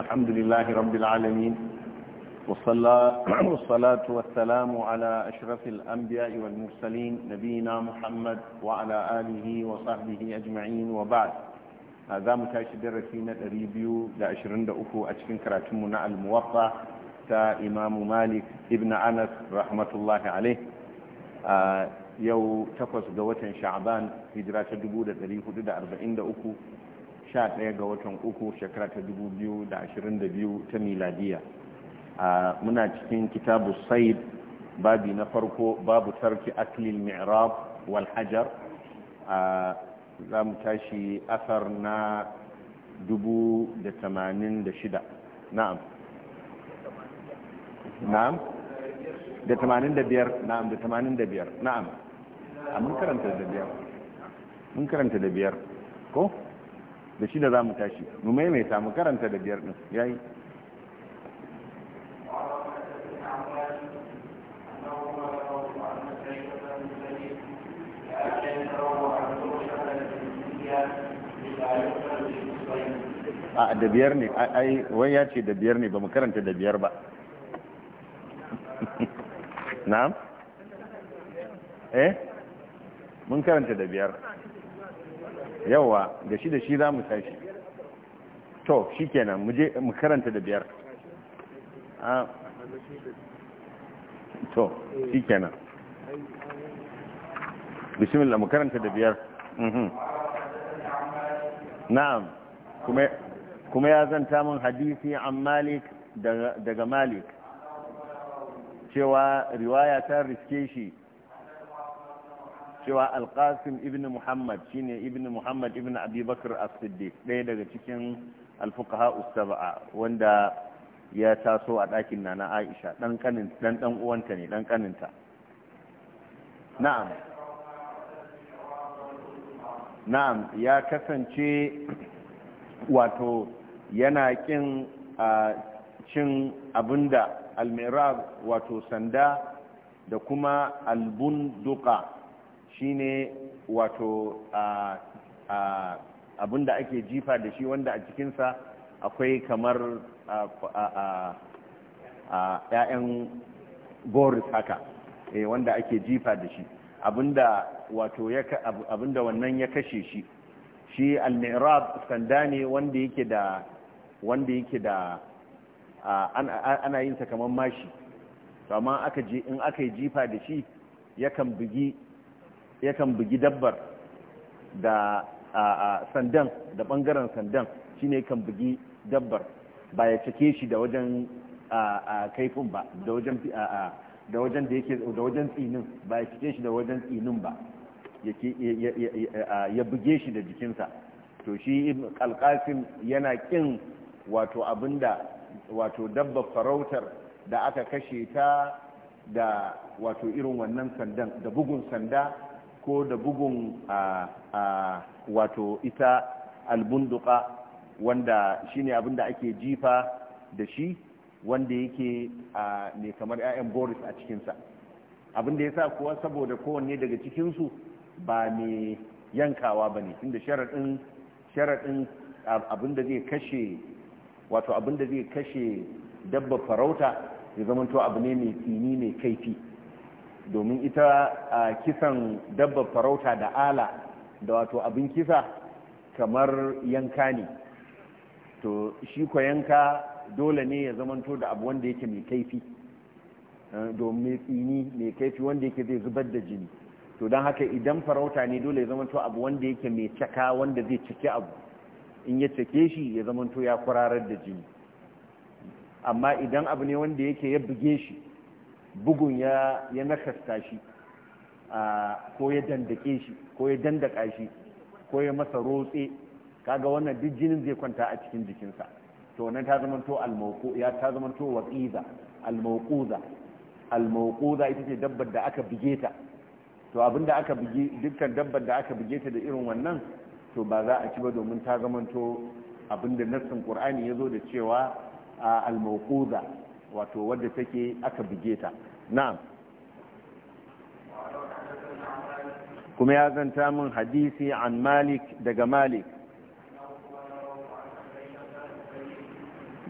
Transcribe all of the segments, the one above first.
الحمد لله رب العالمين والصلاة والسلام على أشرف الأنبياء والمرسلين نبينا محمد وعلى آله وصحبه أجمعين وبعد هذا متاش درسينا الريبيو لأشرين دأفو أشرين كراتمنا الموقع تا إمام مالك ابن أنس رحمة الله عليه يو تقص دوة شعبان هجرات دبودة 443 11 ga watan uku shekara ta 2022 ta miladiya muna cikin kitabu said babi na farko babu tarki aklil mi'rab wal hajar za mu tashi asar na 86 na'am na'am da 85 na'am da 85 na'am a mun karanta da biyar mun karanta da biyar ko da shi da za mu tashi mu maimaita mu karanta da biyar ɗin ya yi. a da biyar ne ai wai ya ce da biyar ne ba mu karanta da biyar ba Na? eh mun karanta da biyar yawa da shi da shi za mu tashi to shi kenan mu karanta da biyar ah. to shi kenan bismillah mu karanta da biyar mhm. na'am kuma ya zanta mun hadisi an malik daga malik cewa riwaya ta riske shi cewa alƙasim ibn muhammad shine ibn muhammad ibn abubakar as-siddiq ɗaya daga cikin alfuqaha usaba'a wanda ya taso a ɗakin nana aisha ɗan ɗan uwanta ne ɗan ƙaninta. na'am na'am ya kasance wato yana ƙin cin abinda almirar wato sanda da kuma duka shine wato abin da ake jifa da shi wanda a cikinsa akwai kamar ‘ya'yan boris haka eh, wanda ake jifa da shi abinda wato abinda wannan ya kashe shi shi al-mi'rab sanda ne wanda yake da wanda yake da ana yin sa kamar mashi to amma aka je in aka yi jifa da shi yakan bugi yakan bugi dabbar da sandan da bangaren sandan ne kan bugi dabbar ba ya cike shi da wajen kaifin ba da wajen da wajen da yake da wajen tsinin ba ya cike shi da wajen tsinin ba ya buge shi da jikinsa to shi kalkasin yana kin wato abinda wato dabbar farautar da aka kashe ta da wato irin wannan sandan da bugun sanda ko da bugun wato ita albunduka wanda shine abin da ake jifa da shi wanda yake a ne kamar 'ya'yan boris a cikinsa abin da ya sa kuwa saboda kowanne daga cikinsu ba mai yankawa ba ne inda sharaɗin abin da zai kashe wato abin da zai kashe dabba farauta ya zama to abu ne mai tsini mai kaifi domin ita a kisan dabbar farauta da ala da wato abin kisa kamar yanka ne to shi ko yanka dole ne ya zamanto da abu wanda yake mai kaifi eh, domin tsini mai kaifi wanda yake zai zubar da jini to don haka idan farauta ne dole ya zamanto abu wanda yake mai caka wanda zai cike abu in ya cike shi ya zamanto ya kwararar da jini amma idan abu ne wanda yake ya buge shi bugun ya ya nakasta shi ko ya dandake shi ko ya dandaka shi ko ya masa rotse kaga wannan duk jinin zai kwanta a cikin jikinsa to wannan ta zama to almauku ya ta zama to waqiza almauquza almauquza ita ce dabbar da aka bige ta to abinda aka bige dukkan dabbar da aka bige ta da irin wannan to ba za a ci ba domin ta zama to abinda nassin qur'ani yazo da cewa almauquza wato wadda take aka buge ta na'am kuma ya zanta min hadisi an malik daga malik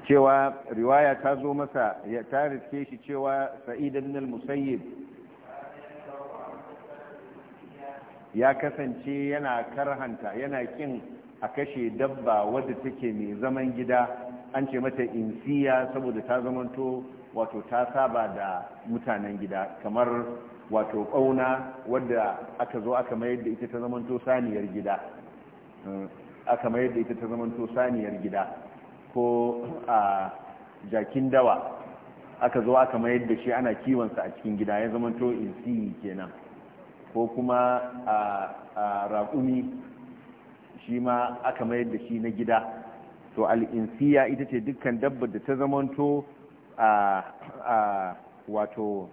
cewa riwaya ta zo masa ya tarifke shi cewa sa'idan nil musayyib ya kasance yana karhanta yana kin a kashe dabba wadda take mai zaman gida an ce mata in siya saboda ta zamanto wato ta saba da mutanen gida kamar wato ƙauna wadda aka zo aka mayar da ita ta zamanto saniyar gida eh, aka mayar da ita ta zamanto saniyar gida ko a jakin dawa aka zo aka mayar da shi ana kiwonsa a cikin gida ya zamanto insiyi kenan ko kuma a raƙumi shi ma aka mayar da shi na gida to al'insiya ita ce dukkan dabba da ta zamanto a wato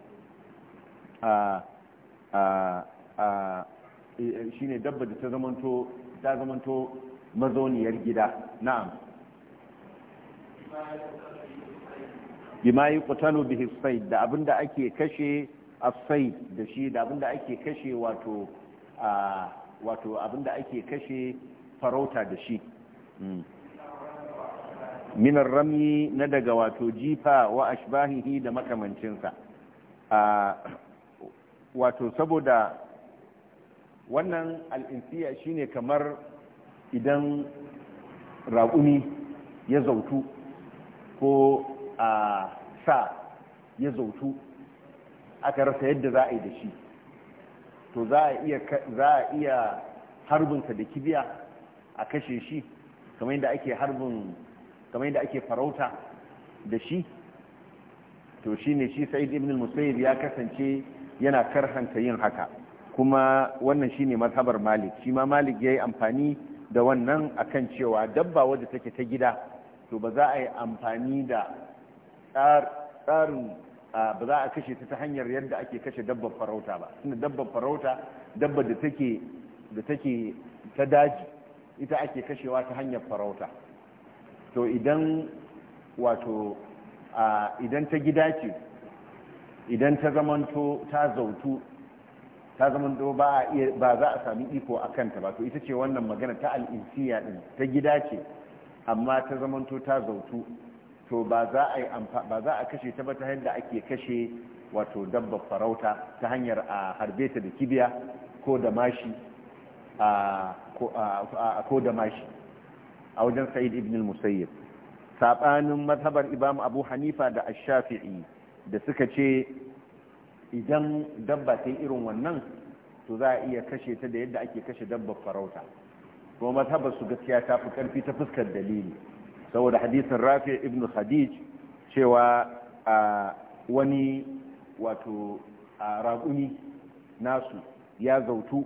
shi ne dabba da ta zamanto ta zamanto mazauniyar gida na'am bima yi kutano bihi said da abinda ake kashe a said da shi da abinda ake kashe wato abinda ake kashe farauta da shi hmm. min rami na daga wato jifa wa ashbahihi da makamancinsa wato saboda wannan al'insiya shine kamar idan raƙumi ya zautu ko a sa ya zautu aka rasa yadda za a yi da shi to za a iya harbinsa da kibiya a kashe shi kamar yadda ake harbin kamar yadda ake farauta da shi to shine shi sa'id ibn al-musayyib ya kasance yana karhanta yin haka kuma wannan shine mazhabar malik shi ma malik yi amfani da wannan akan cewa dabba wadda take ta gida to ba za a yi amfani da tsarin ba za a kashe ta ta hanyar yadda ake kashe dabbar farauta ba suna dabbar farauta dabba da take da take ta daji ita ake kashewa ta hanyar farauta to idan wato idan ta gida ce idan ta zamanto ta zautu ta zamanto ba za a sami iko a kanta ba to ita ce wannan magana ta al'insiya din ta gida ce amma ta zamanto ta zautu to ba za a kashe ta ba ta yadda ake kashe wato dabba farauta ta hanyar a harbe ta da kibiya ko ko da mashi a wajen sa'id ibn al-musayyib sabanin mazhabar imam abu hanifa da ash-shafi'i da suka ce idan dabba ta irin wannan to za a iya kashe ta da yadda ake kashe dabbar farauta kuma mazhabar su gaskiya ta fi karfi ta fuskar dalili saboda hadisin rafi ibn khadij cewa wani wato a raƙumi nasu ya zautu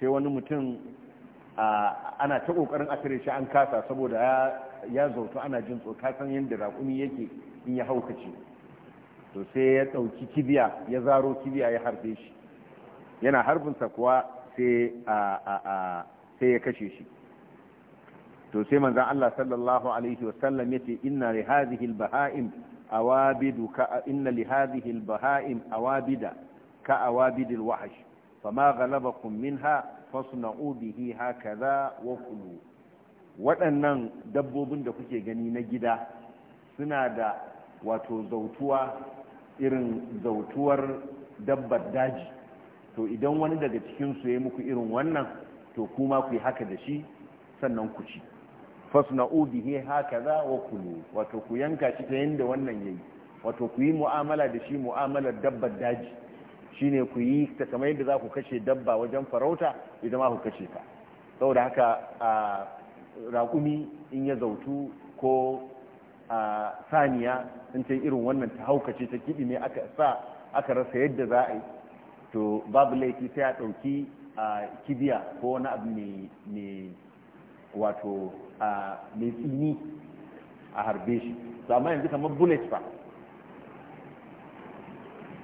sai wani mutum ana ta kokarin a tare shi an kasa saboda ya zauta ana jin tsoka san yadda raƙumi yake in ya haukace to sai ya ɗauki kibiya ya zaro kibiya ya harbe shi yana harbinsa kuwa sai ya kashe shi to sai manzan Allah sallallahu alaihi wasallam ya ce inna li hadhihi al-baha'im awabidu ka inna li hadhihi al-baha'im awabida ka awabidil wahsh fama ghalabakum minha fasna'u bihi hakaza wa kulu waɗannan dabbobin da kuke gani na gida suna da wato zautuwa irin zautuwar dabbar daji to idan wani daga cikinsu ya muku irin wannan to kuma ku yi haka da shi sannan ku ci fasna'u bihi hakaza wa kulu wato ku yanka shi ta yanda wannan yayi wato ku yi mu'amala da shi mu'amalar dabbar daji Shi ne ku yi ta kamar yadda za ku kashe dabba wajen farauta idan ma ku kashe ta da haka a raƙumi in ya zautu ko a saniya in ta irin wannan ta haukace ta kiɗi ne aka sa aka rasa yadda za a yi to babu laifi sai a ɗauki a kibiya ko wani abu mai wato mai tsini a harbe shi amma yanzu kamar bullet ba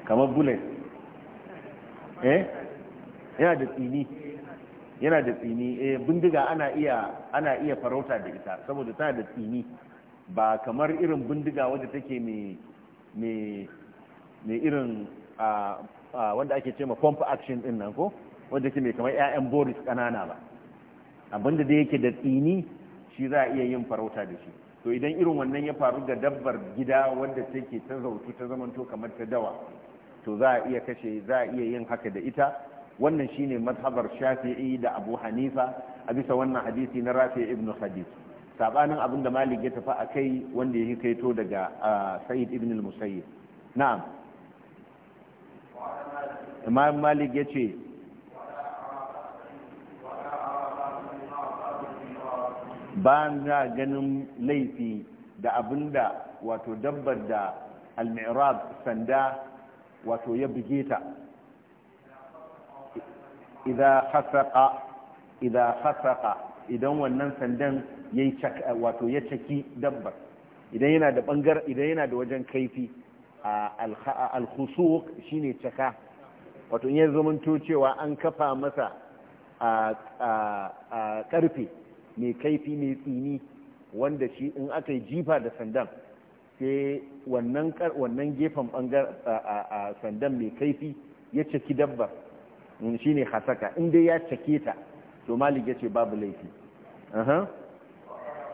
kamar bullet Eh? yana da tsini yana da tsini eh bindiga ana iya ana iya farauta da ita saboda tana da tsini ba kamar irin bindiga wadda take mai mai mai irin a wanda ake ce ma pump action din nan ko wanda ke mai kamar ƴaƴan Boris kanana ba abinda da yake da tsini shi za a iya yin farauta da shi to idan irin wannan ya faru ga dabbar gida wadda take ta zautu ta zamanto kamar ta dawa to za a iya kashe za a iya yin haka da ita wannan shine mazhabar shafi'i da abu hanifa a bisa wannan hadisi na rafi ibn Hadis. sabanin abin da malik ya tafi a kai wanda ya kaito daga sa'id ibn al-musayyib na'am imam malik ya ce ba na ganin laifi da abin da wato dabbar da al-mi'rab sanda wato ya buge ta idan hasaka idan hasaka idan wannan sandan yayi wato ya caki dabbar idan yana da bangar idan yana da wajen kaifi al shi ne caka wato in ya zamanto cewa an kafa masa a karfe mai kaifi mai tsini wanda shi in aka yi jifa da sandan sai wannan gefen bangar a sandan mai kaifi ya caki dabbar mm, shine hasaka in dai ya cake ta to malik yace babu laifi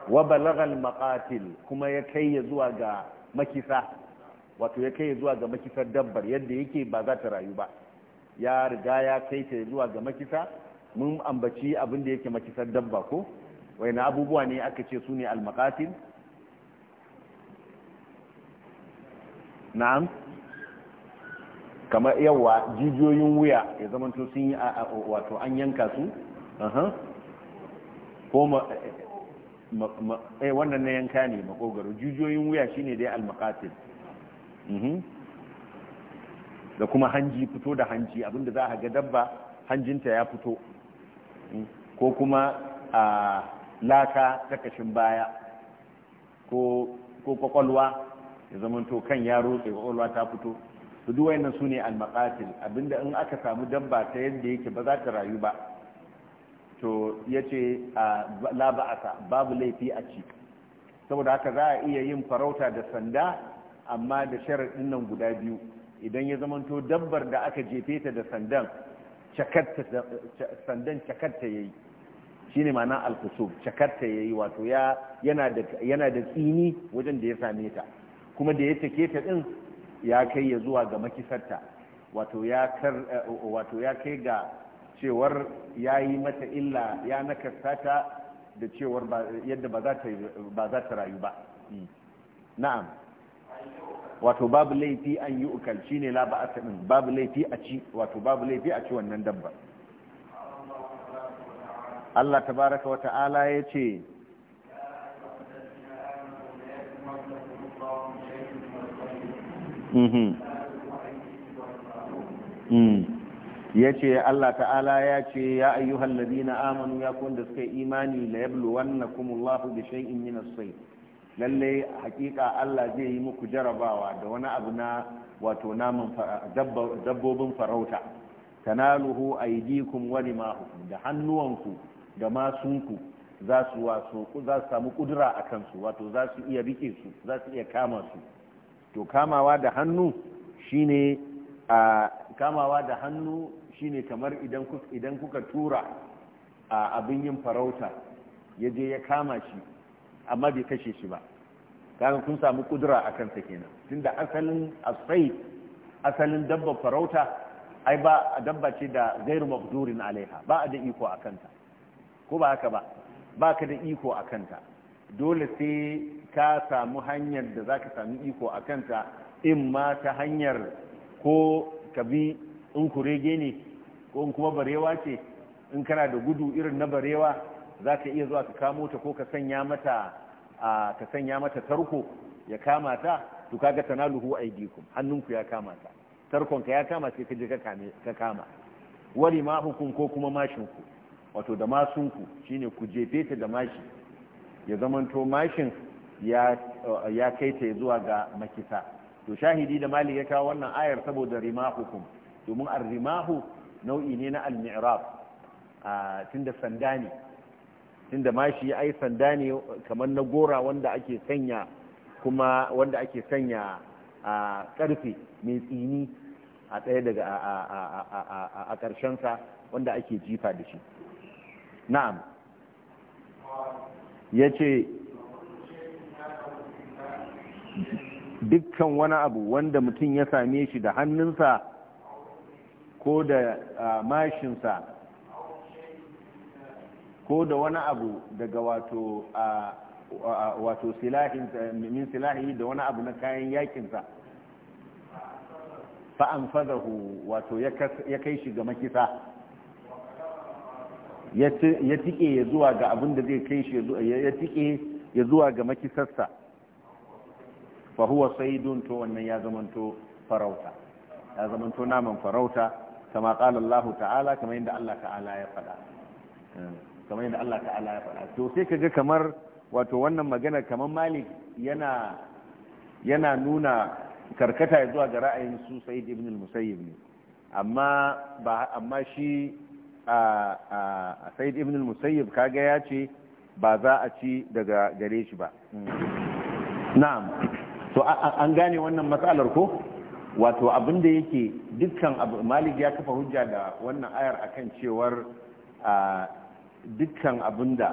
wa balagal maqatil kuma ya kai ya zuwa ga makisa wato ya kai ya zuwa ga makisar dabbar yadda yake ba za ta rayu ba ya riga ya kai ta zuwa ga makisa mun ambaci abin da yake makisar dabba ko waine abubuwa ne aka ce su ne almakatin na'am kamar yawa jijiyoyin wuya ya zama to sun yi wato an yanka su ko eh, eh, eh wannan na yanka ne makogaro jijiyoyin wuya shine dai almaqatil mhm. da kuma hanji fito da hanji abinda za a ga dabba hanjinta ya fito mm. ko kuma a laka ta kashin baya ko kwakwalwa ya zamanto kan ya rotse kwakwalwa ta fito su duk wayannan su ne almak'atin abinda in aka samu dabba ta yadda yake ba za ta rayu ba to ya yace a ba'asa babu laifi a ci saboda haka za a iya yin farauta da sanda amma da sharaɗin nan guda biyu idan ya zamanto dabbar da aka jefe ta da sandan sandan cakarta ya shine shi ne cakarta yayi wato ya yi wato yana da tsini wajen da ya same ta kuma da ya take ta din ya kai ya zuwa ga makisarta wato ya kai ga cewar ya yi mata illa ya nakasta ta da cewar yadda ba za ta rayu ba hmm. na'am wato babu laifi an yi ukal ne laba aka babu laifi a ci wato babu laifi a ci wannan dabba Allah tabaraka Wata'ala ya ce Mhm. Mhm. ya ce Allah ta'ala ya ce ya ayyuhal ladina amanu ya kun da suka yi imani la yabluwannakum Allahu bi shay'in min as-sayf lalle hakika Allah zai yi muku jarabawa da wani abu na wato namun dabbobin farauta tanaluhu aydikum wa rimahukum da hannuwanku da masunku za su waso za su samu kudura akan su wato za su iya rike su za su iya kama su to kamawa da hannu shine a kamawa da hannu shine kamar idan kuka tura a abin yin farauta ya je ya kama shi amma bai kashe shi ba kaga kun samu kudura a kansa kenan tunda asalin asai asalin dabba farauta ai ba dabba ce da gairu maqdurin alaiha ba a da iko a kanta ko ba haka ba ba ka da iko a kanta dole sai ka samu hanyar da za ka sami iko a kanta in ma ta hanyar ko ka bi in kurege ne ko in kuma barewa ce in kana da gudu irin na barewa za ka iya zuwa ka kamo ta ko ka sanya mata ka sanya mata tarko ya kama ta to kaga tanaluhu aydikum hannunku ya kama ta tarkonka ya kama sai ka je ka kama wari ma hukum ko kuma mashinku wato da masunku shine ku jefe ta da mashi ya zamanto mashin ya kai ta zuwa ga makisa to shahidi da malik ya kawo wannan ayar saboda rimahukum domin rimahu nau'i ne na al-mi'rab tunda sanda ne tunda mashi ai sanda ne kamar na gora wanda ake sanya kuma wanda ake sanya a karfe mai tsini a ɗaya daga a ƙarshensa wanda ake jifa da shi na'am ya ce dukkan wani abu wanda mutum ya same shi da hannunsa ko da mashinsa ko da wani abu daga wato wato min silahi da wani abu na kayan yakinsa fa'an fadahu wato ya kai shi ga makisa ya tike ya zuwa ga abin da zai kai shi ya tike ya zuwa ga makisarsa fa huwa saydun to wannan ya zamanto farauta ya zamanto naman farauta kama qala Allah ta'ala kama yadda Allah ta'ala ya faɗa kama yadda Allah ta'ala ya faɗa to sai kaga kamar wato wannan magana kamar Malik yana yana nuna karkata zuwa ga ra'ayin su Sa'id ibn al-Musayyib ne amma ba amma shi a Sa'id ibn al-Musayyib kaga ya ce ba za a ci daga gare shi ba na'am to an gane wannan matsalar ko wato abin da yake dukkan abu malik ya kafa hujja da wannan ayar akan cewar dukkan abin da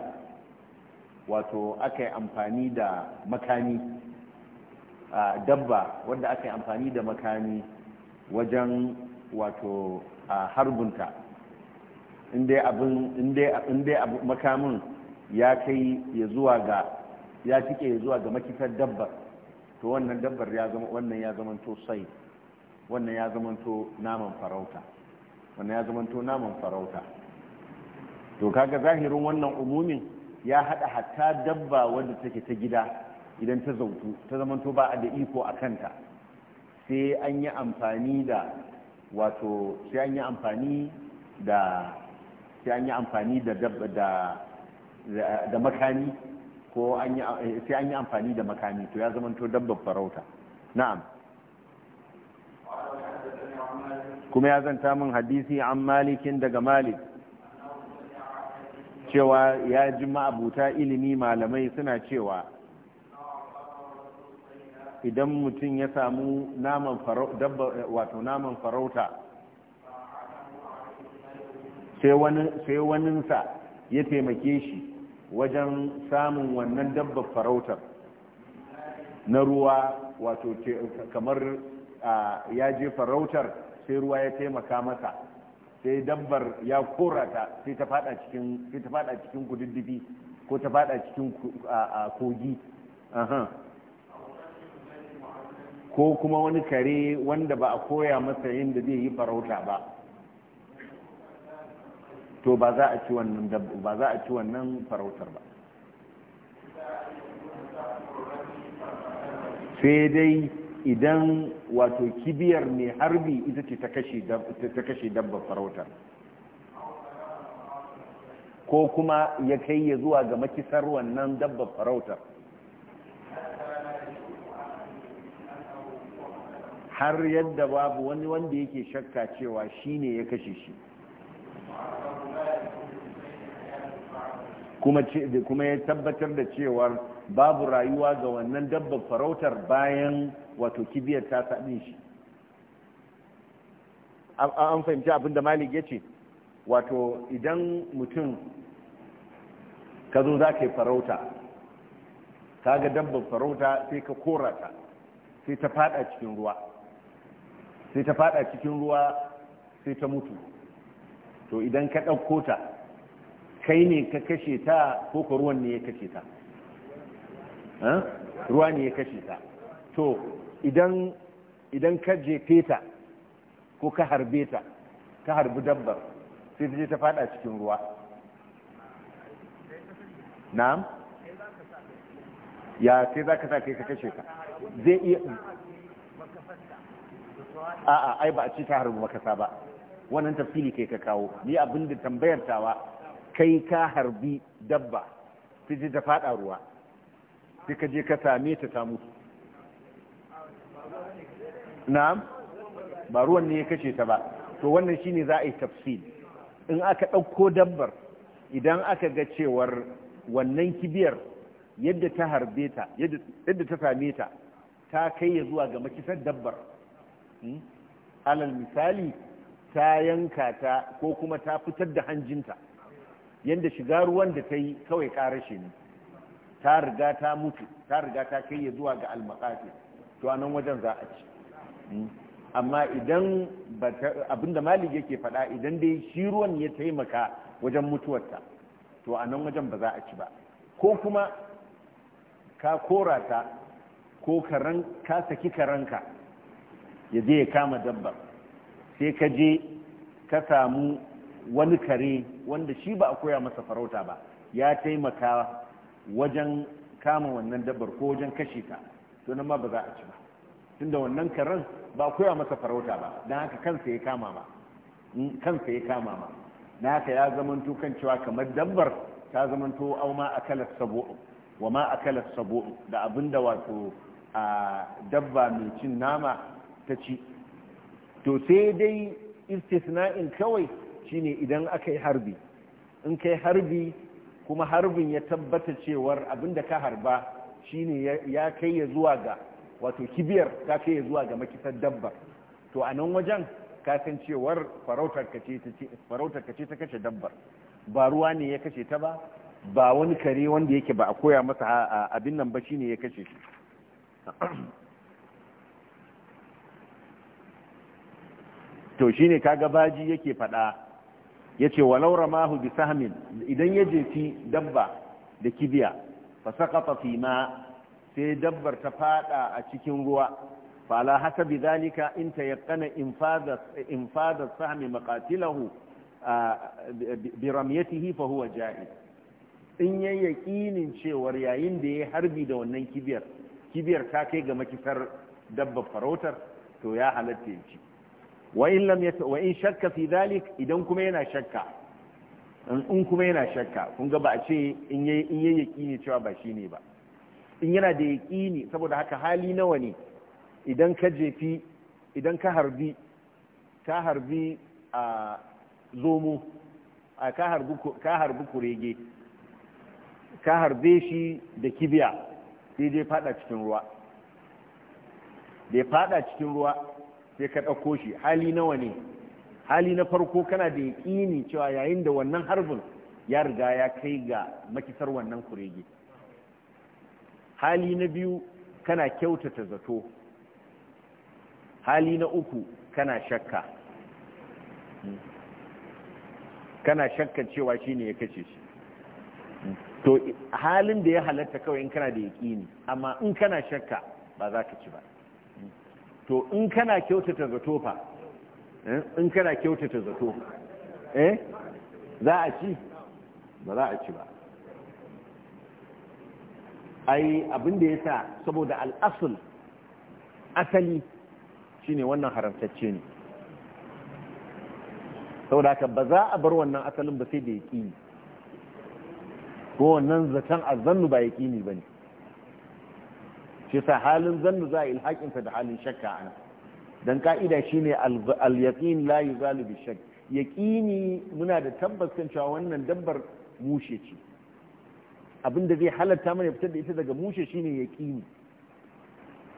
wato aka yi amfani da makami dabba wanda aka yi amfani da makami wajen wato harbunta inda makamin ya kai ya zuwa ga ya fike zuwa ga makitar dabbar to wannan dabbar ya zama wannan ya zama to sai wannan ya zama to naman farauta wannan ya zama to naman farauta to kaga zahirin wannan umumin ya hada hatta dabba wanda take ta gida idan ta zautu ta zama to ba a da iko a kanta sai an yi amfani da wato sai an yi amfani da sai an yi amfani da da da makani ko sai an yi amfani da makami to ya zamanto dabbar farauta na'am kuma ya zanta min hadisi an malikin daga malik cewa ya ji ma'abuta ilimi malamai suna cewa idan mutum ya samu naman farauta sai waninsa ya taimake shi wajen samun wannan dabbar farautar na ruwa wato kamar ya je farautar sai ruwa ya taimaka masa sai dabbar ya korata sai ta fada cikin kududdufi ko ta fada cikin kogi ko kuma wani kare wanda ba a koya masa yin da zai yi farauta ba to ba za a ci wannan farautar ba sai dai idan wato kibiyar mai harbi ita ce ta kashe dabba farautar ko kuma ya kai ya zuwa ga makisar wannan dabba farautar har yadda babu wani wanda yake shakka cewa shine ya kashe shi kuma ya tabbatar da cewar babu rayuwa ga wannan dabba farautar bayan wato kibiyar ta saɗin shi an fahimci abinda malik ya ce wato idan mutum ka zo za ka yi farauta ka ga dabba farauta sai ka korata sai ta fada cikin ruwa sai ta fada cikin ruwa sai ta mutu to idan ka ɗauko ta kai ne ka kashe ta ko ka ruwan ne ya kashe ta ruwa ne ya kashe ta to idan ka jefe ta ko ka harbe ta ka harbi dabbar sai ta je ta fada cikin ruwa na'am ya sai za ka sa kai ka kashe ta zai iya a'a ai ba a ci ta harbi makasa ba wannan tafsiri kai ka kawo ni abin da tambayar tawa kai ka harbi dabba ta je ta fada ruwa sai ka je ka same ta ta mutu na'am ba ruwan ne ya kashe ta ba to wannan shine za a yi tafsir. in aka ɗauko dabbar idan aka ga cewar wannan kibiyar yadda ta harbe ta yadda ta same ta ta kai ya zuwa ga makisar dabbar hmm? alal misali ta yanka ta ko kuma ta fitar da hanjinta yanda shiga ruwan da ta yi kawai karashe ne ta riga ta mutu ta riga ta kai ya zuwa ga almakafi to a nan wajen za a ci hmm. amma idan abinda malik yake faɗa idan dai shi ruwan ya taimaka wajen mutuwarta to a nan wajen ba za a ci ba ko kuma ka kora ta ko ka saki karanka ya je ya kama dabba sai ka je ka samu wani kare wanda shi ba a koya masa farauta ba ya taimaka wajen kama wannan dabbar ko wajen kashe ta to nan ma ba za a ci ba tunda wannan karen ba koya masa farauta ba don haka kansa ya kama ma hmm, kansa ya kama ma na haka ya zamanto kan cewa kamar dabbar ta zamanto au ma akalat sabu wa ma akalat sabu da abinda wato a dabba mai cin nama ta ci to sai dai istisna'in kawai shine idan aka yi harbi in kai harbi kuma harbin ya tabbata cewar abinda ka harba shine ya kai ya zuwa ga wato kibiyar ta kai ya zuwa ga makisar dabbar to a nan wajen ka san cewar farautar kace ta kashe dabbar ba ruwa ne ya kashe ta ba ba wani kare wanda yake ba a koya masa abin nan ba shine ya kashe shi to shine kaga baji yake fada ya ce laura mahu bi sahmin idan ya jefi dabba da kibiya fa saqata fi ma sai dabbar ta fada a cikin ruwa fa la hasabi zalika in tayaqqana infadha infadha sahmi maqatilahu bi ramyatihi fa huwa ja'iz in yayin yaqinin cewar yayin da yayi harbi da wannan kibiyar kibiyar ta kai ga makisar dabbar farautar to ya halatta ya ci wa in lam shakka fi dhalik idan kuma yana shakka in kuma yana shakka kun ga ba a ce in yayi in cewa ba shine ba in yana da yaqini saboda haka hali nawa ne idan ka jefi idan ka ka zomo ka harbi kurege ka harbe shi da kibiya sai ya fada cikin ruwa sai ka ɗauko shi hali nawa ne hali na farko kana da yaƙini cewa yayin da wannan harbin ya riga ya kai ga makisar wannan kurege hali na biyu kana kyautata zato hali na uku kana shakka hmm. kana shakkan cewa shi ne ya kace shi hmm. to halin da ya halatta kawai in kana da yaƙini amma in kana shakka ba za ka ci ba to in kana kyautata zato fa eh, in kana kyautata zato eh za a ci ba za a ci ba ai abin da ya sa saboda al'asul asali shine wannan haramtacce ne saboda haka ba za a bar wannan asalin ba sai da yaƙini ko wannan zaton azannu ba yaƙini ba ne shi sa halin zannu za a ilhakin sa da halin shakka ana Don ka'ida shine al yaqin layu yuzalu bi shakk muna da tabbas kan cewa wannan dabbar mushe ce abinda zai halatta mana fitar da ita daga mushe shine yaƙini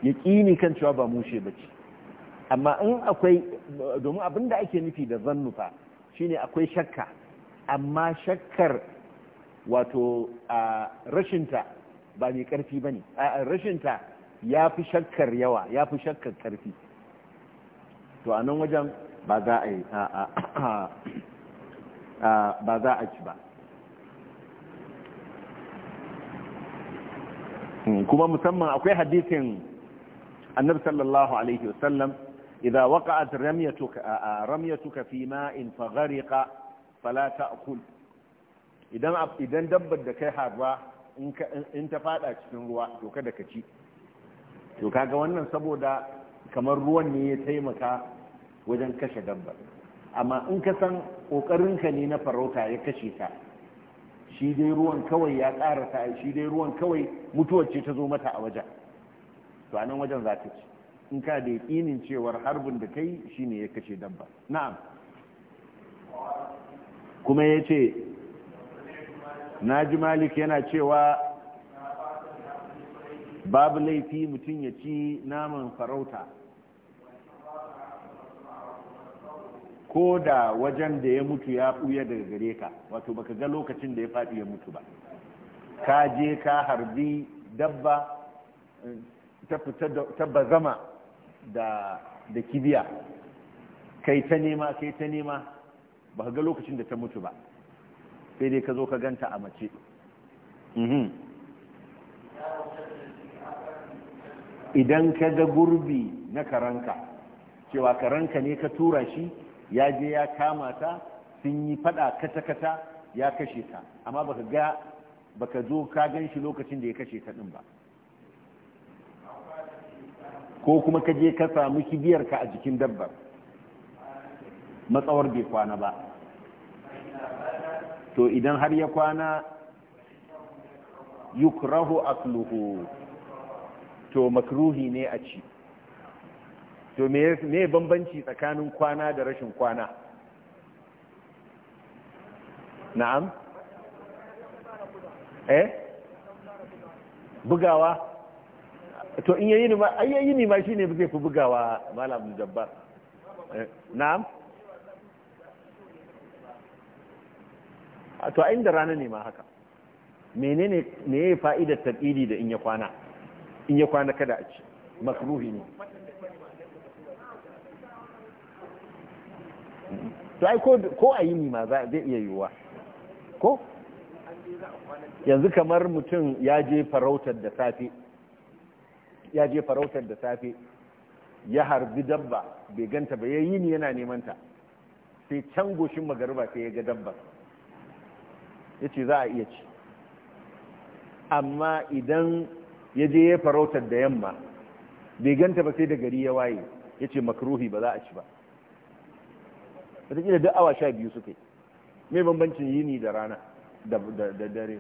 yaƙini kan cewa ba mushe ce amma in akwai domin abinda ake nufi da zannu fa shine akwai shakka amma shakkar wato a rashinta ba mai ba ne a rashinta ya fi shakkar yawa ya fi shakkar ƙarfi to a nan wajen ba za a yi ba za a ci ba hmm, kuma musamman akwai hadisin annabi sallallahu alaihi wasallam idza waqa'at ramyatuka ramyatuka fi ma'in faghariqa fala ta'kul idan idan dabbar da kai harba in ta fada cikin ruwa to kada ka ci to kaga wannan saboda kamar ruwan ne ya taimaka wajen kashe dabba, amma in ka san ka ne na farauta ya kashe ka shi dai ruwan kawai ya ƙarasa shi dai ruwan kawai mutuwar ce ta zo mata a wajen to anan wajen za ta ci in ka da yakinin cewar harbin da kai shine ya kashe dabba na'am kuma ya ce na ji malik yana cewa babu laifi mutum ya ci naman farauta ko da wajen da ya mutu ya ɓuya daga gare ka wato baka ga lokacin da ya faɗi ya mutu ba ka je ka harbi dabba eh, ta bazama da kibiya kai ta nema kai ta nema baka ga lokacin da ta mutu ba sai dai ka zo ka ganta a mace mhm. idan ka ga gurbi na karanka cewa karanka ne ka tura shi ya je ya kama ta sun yi fada kata-kata ya kashe ta amma baka ga baka zo ka gan shi lokacin da ya kashe ta din ba ko kuma ka je ka samu kibiyarka a jikin dabbar matsawar bai kwana ba to idan har ya kwana yukrahu akluhu to makruhi ne a ci to me bambanci tsakanin kwana da rashin kwana na'am eh bugawa to in yayi ni ma ayyayi ni ma shine zai fi bugawa malam jabbar eh, na'am to a inda rana ne ma haka menene me ya fa'idar tabidi da in ya kwana in ya kwana kada a ci makruhi ne to ai ko ko a yini ma za zai iya yiwuwa ko yanzu kamar mutum ya je farautar da safe ya je farautar da safe ya harbi dabba bai ganta ba ya yi ni yana neman ta sai can goshin magariba sai ya ga dabba ya za a iya ci amma idan ya je ya farautar da yamma bai ganta ba sai da gari ya waye ya ce makaruhi ba za a ci ba wataƙila duk awa sha biyu suka yi mai bambancin yini da rana da dare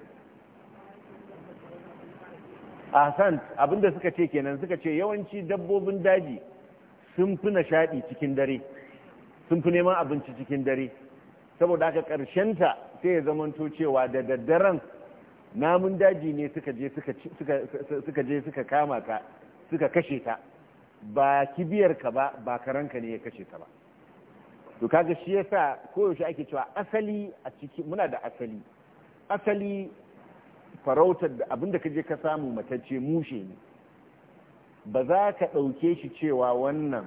a san abinda suka ce kenan suka ce yawanci dabbobin daji sun fi nishaɗi cikin dare sun fi neman abinci cikin dare saboda haka ta sai ya zamanto cewa da daddaren namun daji ne suka je suka kama ka suka kashe ta ba kibiyar ka ba ba karanka ne ya kashe ta ba to kaga shi yasa koyaushe ake cewa asali a ciki muna da asali asali farautar da abinda ka je ka samu matacce mushe ne ba za ka ɗauke shi cewa wannan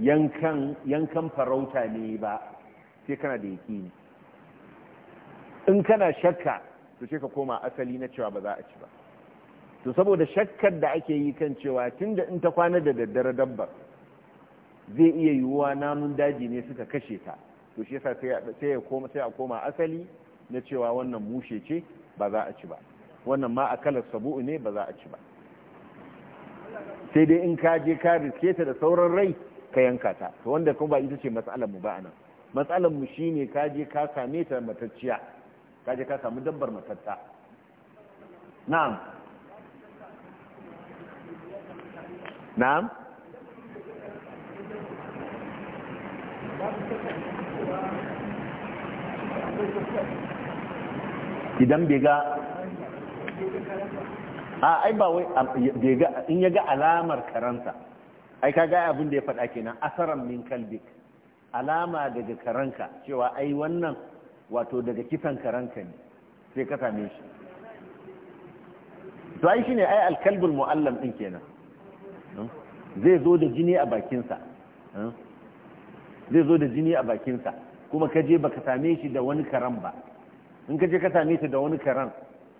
yankan farauta ne ba sai kana da yaƙini in kana shakka to sai ka koma asali na cewa ba za a ci ba to saboda shakkar da ake yi kan cewa tunda in ta kwana da daddare dabbar zai iya yiwuwa namun daji ne suka kashe ta to shi yasa sai ya koma sai a koma asali na cewa wannan mushe ce ba za a ci ba wannan ma akalar sabu'u ne ba za a ci ba sai dai in ka je ka riske ta da sauran rai ka yanka ta to wanda kuma ba ita ce matsalar mu ba anan matsalar mu shine ka je ka same ta matacciya kaje ka samu dabbar matatta na'am na'am idan bai ga a ai ba wai bai ga in ya ga alamar karanta ai ka ga abin da ya faɗa kenan asaran min kalbik alama daga karanka cewa ai wannan wato daga kisan karanka ne sai ka same shi to ai shine ai alkalbul mu'allam din kenan zai zo da jini a bakinsa zai zo da jini a bakinsa kuma ka je baka same shi da wani karan ba in ka je ka same shi da wani karan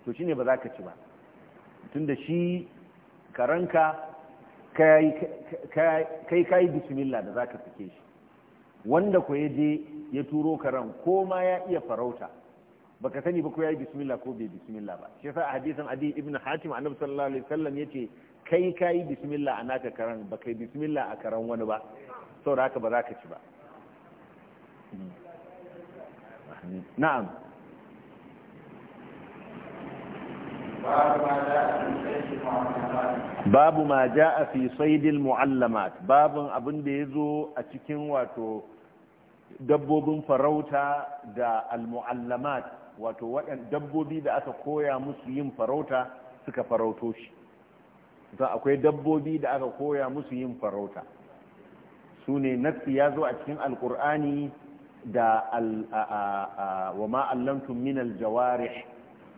to shine ba za ka ci ba tunda shi karanka kai kai bismillah da za ka shi wanda ku ya je ya turo karan ko ma ya iya farauta baka sani ba ko yayi bismillah ko bai bismillah ba shi yasa a hadisin adi ibn hatim annabi sallallahu alaihi wasallam yace kai kai bismillah a naka karan ba kai bismillah a karan wani ba saboda haka ba za ka ci ba na'am babu ma ja'a fi saydil mu'allamat babun abin da yazo a cikin wato dabbobin farauta da almu'allamat wato dabbobi da aka koya musu yin farauta suka farauto shi za akwai dabbobi da aka koya musu yin farauta su ne nassi ya zo a cikin alkur'ani da wa ma'allantun min jawari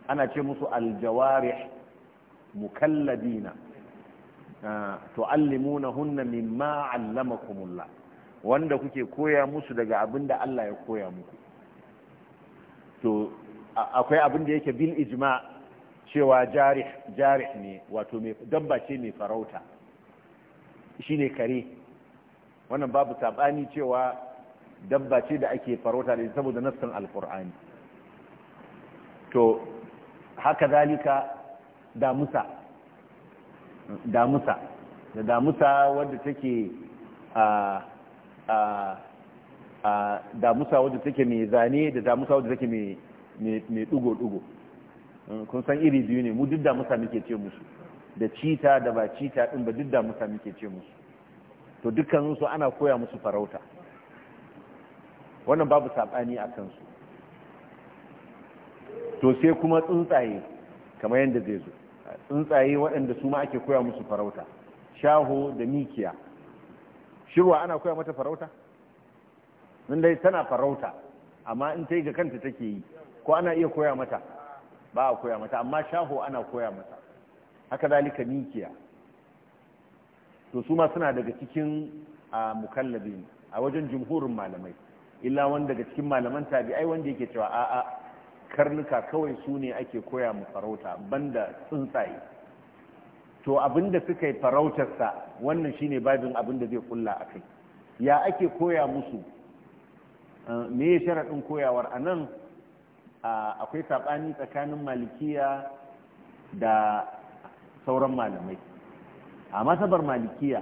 ana ce musu mukalladina mukallabina ah, tu'allimuna hunna mimma kumulla. wanda kuke koya musu daga abin da Allah ya koya muku to akwai abin da yake bil ijma cewa jarih jarih ne wato dabba ce mai farauta shine kare wannan babu sabani cewa dabba ce da ake farauta da saboda nassan alqur'ani to haka zalika da musa da damusa wanda take a damusa wadda take mai zane da damusa wadda take mai dugo-dugo eh, kun san iri biyu ne mu duk damusa muke ce musu da cita da ba cita din ba duk damusa muke ce musu to dukkaninsu ana koya musu farauta wannan babu saɓani a kansu to sai kuma tsuntsaye kamar yadda zai zo tsuntsaye waɗanda su ma ake koya musu farauta shaho da mikiya shirwa ana koya mata farauta in dai tana farauta amma in ta yi ga kanta take yi ko ana iya koya mata ba a koya mata amma shaho ana koya mata haka zalika mikiya to su ma suna daga cikin mukallabi, a wajen jumhurin malamai illa wanda daga cikin malaman tabi'ai wanda yake cewa a'a karnuka kawai su ne ake koya mu farauta banda tsuntsaye to abin da suka yi farautarsa wannan shine babin abin da zai kulla a kai ya ake koya musu eh, me ya sharaɗin koyawar a nan akwai saɓani tsakanin malikiya da sauran malamai a masabar malikiya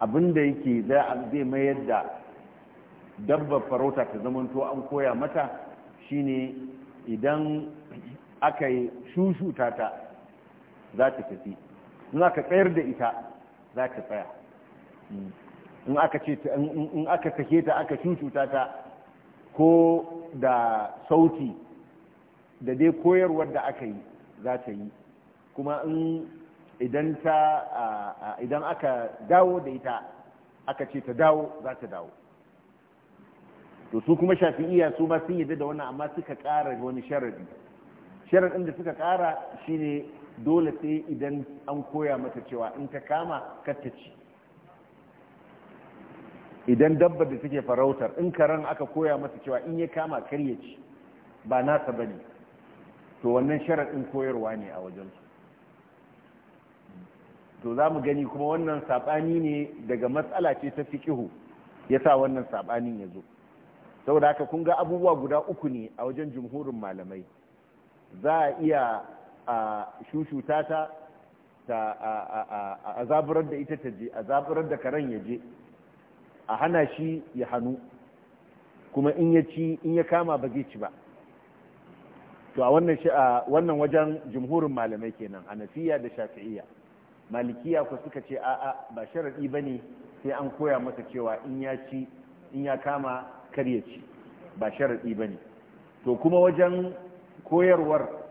abin da yake zai mayar da dabbar farauta ta zamanto an koya mata shine idan aka yi shushuta ta za ta tafi in aka tsayar da ita za ta tsaya in aka ce in aka sake ta aka cucuta ta ko da sauti da dai koyarwar da aka yi za ta yi kuma in idan ta idan aka dawo da ita aka ce ta dawo za ta dawo to su kuma shafi'iyya su ma sun yadda da wannan amma suka ƙara wani sharadi sharadin da suka ƙara shine dole sai idan an koya mata cewa in ta kama kar ta ci idan dabba da take farautar in karen aka koya masa cewa in ya kama karye ci ba nasa ba ne to wannan sharaɗin koyarwa ne a wajen to za mu gani kuma wannan saɓani ne daga matsala ce ta fikihu ya sa wannan saɓanin ya zo saboda haka kun ga abubuwa guda uku ne a wajen jumhurin malamai za a iya a shushuta ta a zaburar da ita ta je a da karen ya je a hana shi ya hannu kuma in ya ci in ya kama ba zai ci ba to a wannan wajen jumhurin malamai kenan nafiya da shafi'iyya malikiya ku suka ce a'a ba sharadi bane sai an koya masa cewa in ya ci in ya kama kar ya ci ba sharadi bane to kuma wajen koyarwar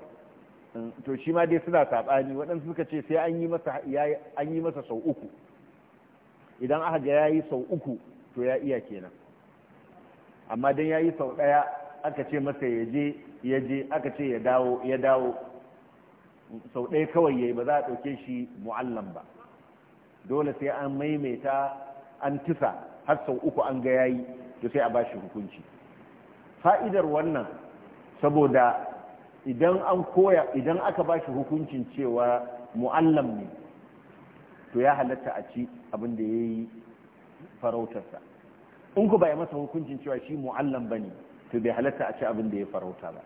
to shi ma dai suna saɓani waɗansu suka ce sai an yi masa sau uku idan aka ga ya yi sau uku to ya iya kenan amma don ya yi sau ɗaya aka ce masa ya je ya je aka ce ya dawo ya dawo sau ɗaya kawai ya yi ba za a ɗauke shi mu'allam ba dole sai an maimaita an tisa har sau uku an ga yayi to sai a ba shi hukunci fa'idar wannan saboda idan an koya idan aka ba shi hukuncin cewa mu'allam ne to ya halatta a ci abin da ya yi farautarsa in ku ba masa hukuncin cewa shi mu'allam ba ne to bai halatta a ci abin da ya farauta ba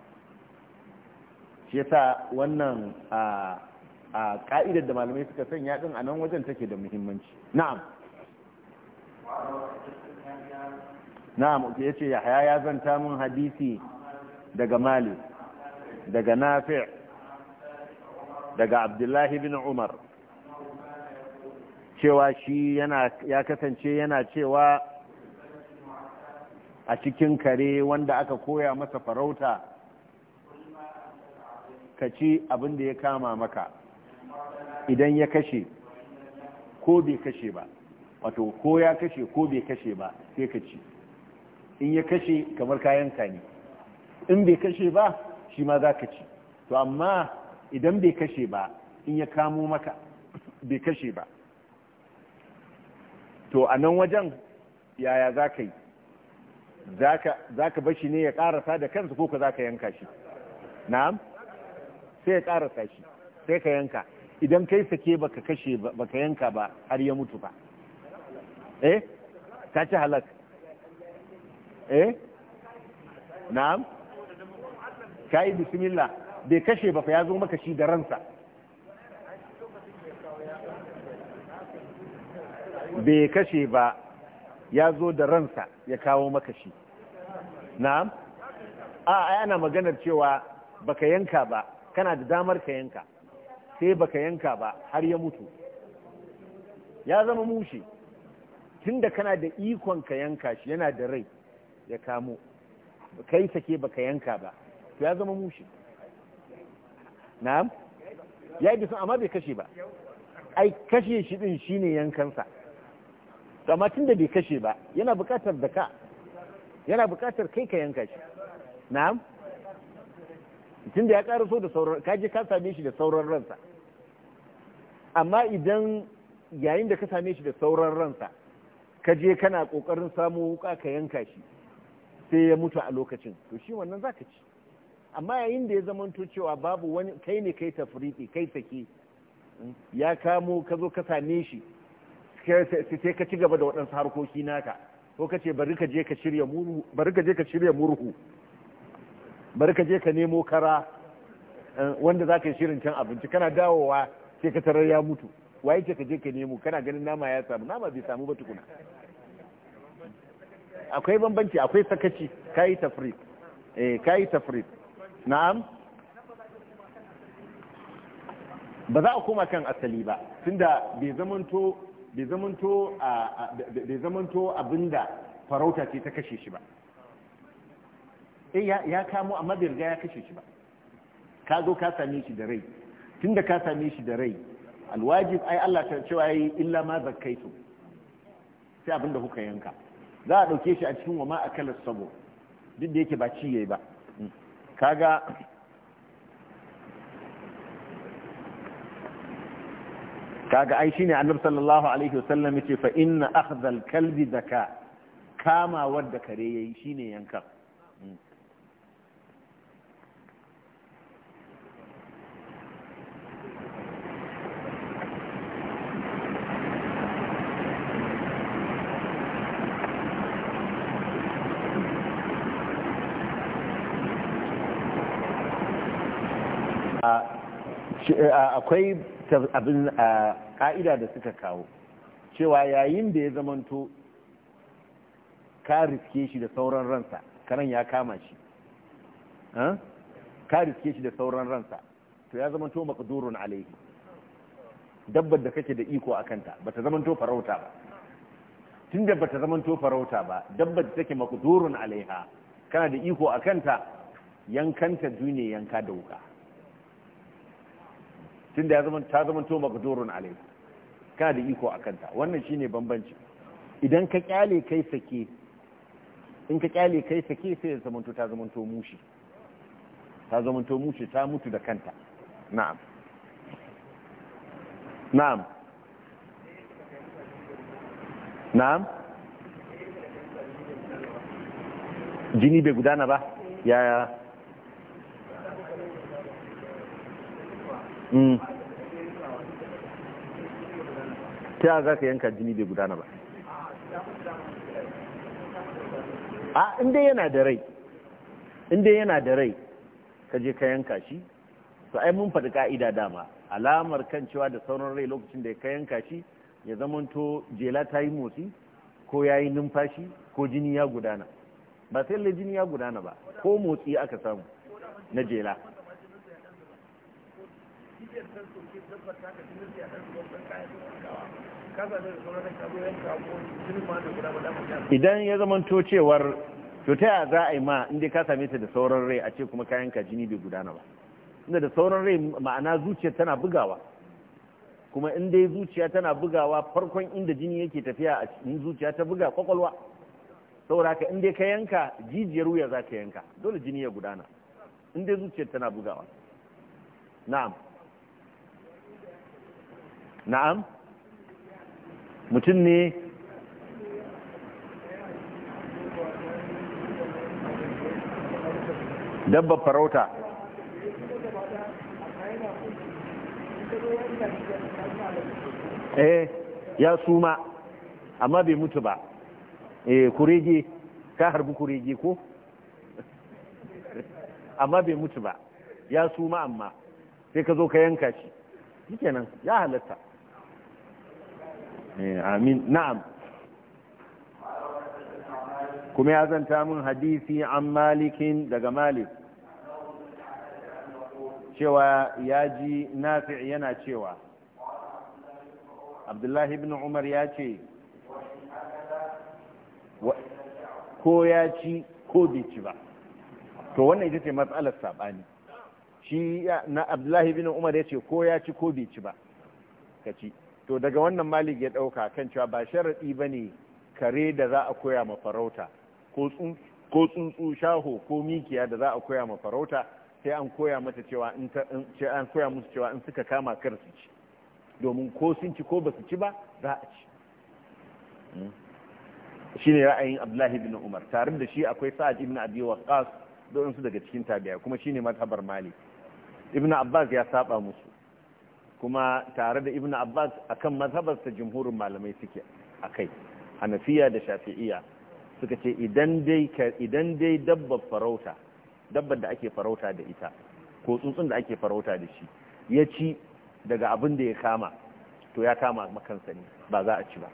shi yasa wannan a ka'idar da malamai suka sanya din a nan wajen take da muhimmanci na'am na'am ya ce ya zanta min hadisi daga malik daga nafi' daga abdullahi bin umar cewa shi ya kasance yana cewa a cikin kare wanda aka koya masa farauta ka ci abin da ya kama maka idan ya kashe ko bai kashe ba wato ko ya kashe ko bai kashe ba sai ka ci in ya kashe kamar kayan kani in bai kashe ba shi ma za ka ci to amma idan bai kashe ba in ya kamo maka bai kashe ba to a nan wajen yaya za ka yi za ka bashi ne ya karasa da kansa ko ka za ka yanka shi na'am sai ya karasa shi sai ka yanka idan kai sake baka kashe baka yanka ba har ya mutu ba eh ta ci halak eh na'am ka yi bismillah bai kashe ba fa ya zo maka shi da ransa bai kashe ba ya zo da ransa ya kawo maka shi na'am a ana maganar cewa baka yanka ba kana da damar ka yanka sai baka yanka ba har ya mutu ya zama mushe tunda kana da ikon ka yanka shi yana da rai ya kamo kai sake baka yanka ba to ya zama mushi na'am ya yi bisan amma bai kashe ba ai kashe shi din shine yankansa to tun da bai kashe ba yana buƙatar da ka yana buƙatar kai ka yanka shi na'am da ya karaso da sauran kaje ka same shi da sauran ransa amma idan yayin da ka same shi da sauran ransa ka je kana kokarin samu wuka ka yanka shi sai ya mutu a lokacin to shi wannan zaka ci amma yayin da ya zamanto cewa babu wani kai ne kai tafriki kai saki hmm, ya kamo ka zo ka same shi sai ka ci gaba da waɗansu harkoki naka ko ka ce bari ka je ka shirya murhu bari ka je ka shirya murhu bari ka je ka nemo kara eh, wanda za ka yi shirin can abinci kana dawowa sai ka tarar ya mutu waye ce ka je ka nemo kana ganin nama ya samu nama bai samu ba tukuna akwai bambanci akwai sakaci kayi tafrid eh kayi tafrid na'am ba za a koma kan asali ba tunda bai zamanto bai zamanto bai zamanto abinda farauta ce ta kashe shi ba eh, ya kamo amma bai riga ya kashe shi ba ka zo ka same shi da rai tunda ka same shi da rai alwajib ai Allah ta cewa yi illa ma zakaitu sai abinda kuka yanka za a ɗauke shi a cikin wa ma akala sabo duk da yake ba ci yayi ba kaga kaga ai shine annabi sallallahu alaihi wasallam yace fa inna akhdhal kalbi zaka kama wadda kare yayi shine yankan hmm. Eh, akwai abin eh, ka'ida da suka kawo cewa yayin da ya zamanto ka riske shi da sauran ransa karan ya kama shi eh, ka riske shi da sauran ransa to ya zamanto maqdurun alaihi dabbar da kake da iko a kanta ba ta zamanto farauta ba tun da ba ta zamanto farauta ba dabbar da take maqdurun alaiha kana da iko a kanta yankanta duniya yanka da wuka tunda ya ta zama to maqdurun alai ka da iko a kanta wannan shine bambanci idan ka kyale kai sake in ka kyale kai sake sai ya zama to ta zama to mushi ta zama to mushi ta mutu da kanta na'am na'am na'am jini bai gudana ba yaya Mm. ta za ka yanka jini bai gudana ba a inda yana da rai inda yana da rai ka je ka yanka shi to ai mun faɗi ka'ida dama alamar kan cewa da sauran rai lokacin da ka yanka shi ya zamanto jela ta yi motsi ko ya yi numfashi ko jini ya gudana ba sai jini ya gudana ba ko motsi aka samu na jela soke kasa da sauran da ma da guda ba da idan ya zama cewar to ta yaya za a yi ma inda ka same ta da sauran rai a ce kuma kayan ka jini bai gudana ba inda da sauran rai ma'ana zuciya tana bugawa kuma in dai zuciya tana bugawa farkon inda jini yake tafiya a cikin zuciya ta buga kwakwalwa saboda ka in dai ka yanka jijiyar wuya za ka yanka dole jini ya gudana in dai zuciya tana bugawa na'am na'am mutum ne dabba farauta eh ya suma amma bai mutu ba eh kurege ka harbi kurege ko amma bai mutu ba ya suma amma sai ka zo ka yanka shi kenan ya halatta Eh, amin na'am kuma ya zanta min hadisi an malikin daga malik cewa ya ji nafi yana cewa abdullahi ibn umar ya ce ko ya ci ko bai ci ba to wannan ita ce matsalar saɓani shi na abdullahi ibn umar ya ce ko ya ci ko bai ci ba ka ci to daga wannan malik ya ɗauka kan cewa ba sharaɗi ba ne kare da za a koya ma farauta ko tsuntsu shaho ko mikiya da za a koya ma farauta sai an koya mata cewa an koya musu cewa in suka kama kar su ci domin ko sun ci ko ba su ci ba za a ci hmm? shi ne ra'ayin abdullahi bin umar tare da shi akwai sa'ad ibn abi waqqas da daga cikin tabi'a kuma shi ne mazhabar malik ibn abbas ya saba musu kuma tare da ibn abbas akan mazhabarsa jumhurin malamai suke akai hanafiya da shafi'iya suka ce idan dai idan dai dabbar farauta dabbar da ake farauta da ita ko tsuntsun da ake farauta da shi ya ci daga abin da ya kama to ya kama makansa ne ba za a ci ba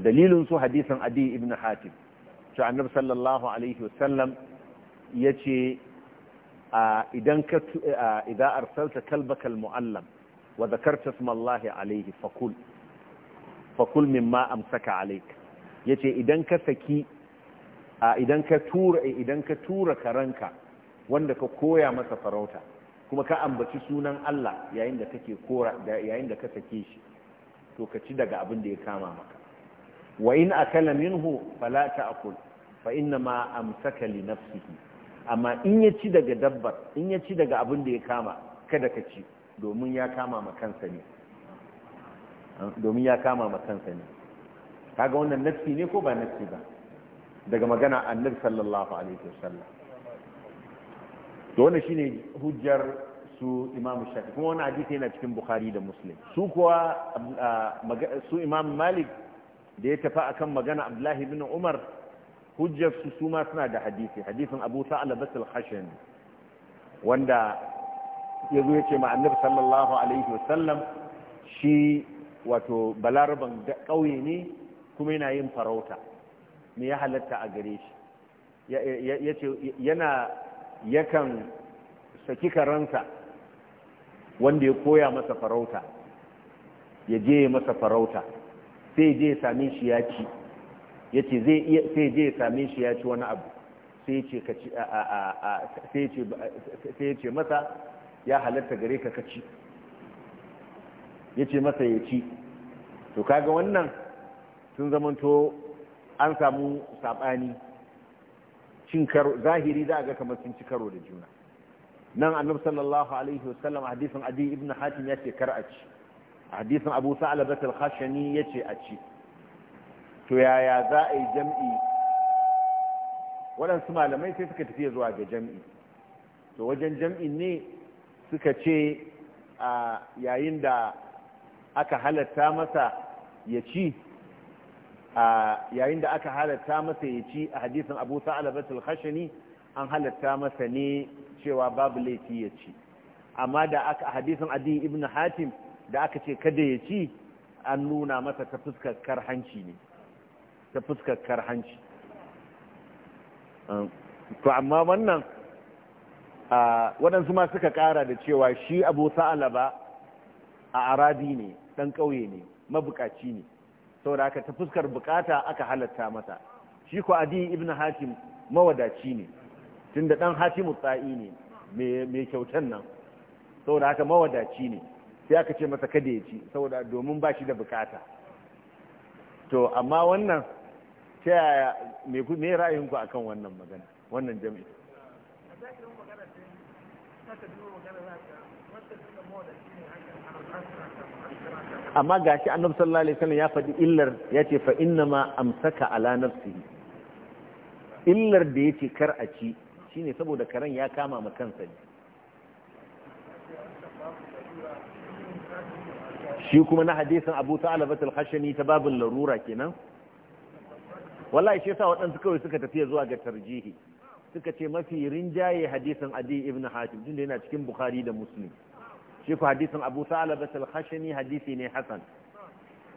dalilin su hadisin adi ibn hatim to annabi sallallahu alaihi wasallam ya ce idan ka idan arsalta kalbaka almuallam wa dhakarta isma Allah alayhi fakul fakul mimma amsaka alayka yace idan ka saki idan tura idan ka tura karanka wanda ka koya masa farauta kuma ka ambaci sunan Allah yayin da kake kora yayin da ka sake shi to ka daga abin da ya kama maka wa in akala minhu fala ta'kul fa inna ma amsaka li nafsihi amma in ya ci daga dabbar in ya ci daga abin da ya kama kada ka ci domin ya kama ma kansa ne domin ya kama ma kansa ne kaga wannan nafsi ne ko ba nafsi ba daga magana annabi sallallahu alaihi wasallam to wannan shine hujjar su imamu shafi kuma wani hadisi yana cikin bukhari da muslim su kuwa ah, su imam malik da ya tafi akan magana abdullahi bin umar hujjar su su ma suna da hadisi hadisin Abu sa'ala basil khashani wanda yazo ya ce ma'anar sallallahu alaihi wasallam shi wato balaraban ƙauye ne kuma yana yin farauta me ya halatta a gare shi ce yana yakan saki karansa wanda ya koya masa farauta ya je masa farauta sai je ya same shi ya ci ya ce zai iya sai je ya same shi ya ci wani abu sai ya ce masa ya halatta gare ka ka ci ya ce masa ya ci to kaga wannan sun zamanto an samu saɓani cin karo zahiri za a ga kamar sun ci karo da juna nan annab sallallahu alaihi wasallam hadisin adi ibn hatim ya ce kar a ci hadisin abu sa'ala al-khashani ya ce a ci to yaya za a yi jam'i waɗansu malamai sai suka tafiya zuwa ga jam'i to wajen jam'i ne suka ce a yayin da aka halatta masa ya ci a yayin da aka halatta masa ya ci a hadisin abu sa'alabatul khashani an halatta masa ne cewa babu laifi ya ci amma da aka hadisin adi ibn hatim da aka ce kada ya ci an nuna masa ta fuskar hanci ne ta fuskar karhanci to amma wannan waɗansu ma suka ƙara da cewa shi abu sa'alaba a arabi ne ɗan ƙauye ne mabukaci ne saboda aka ta fuskar bukata aka halatta mata shi ko adi ibn hatim mawadaci ne tunda ɗan hatimu tsa'i ne mai kyautan nan saboda haka mawadaci ne sai aka ce masa kada ya ci saboda domin ba shi da bukata to amma wannan ta yaya me ra'ayinku a kan wannan magana wannan jami'i amma gashi annabi sallallahu alaihi wasallam ya faɗi illar ya ce fa inna ma amsaka ala nafsihi illar da ya ce kar a ci shine saboda karen ya kama ma kansa ne shi kuma na hadisin Abu Ta'ala batul Khashani ta babin larura kenan wallahi shi yasa waɗansu kawai suka tafiya zuwa ga tarjihi suka ce mafi rinjaye hadisin adi ibn hatim tunda yana cikin bukhari da muslim shi ku hadisin abu sa'alaba al-khashani hadisi ne hasan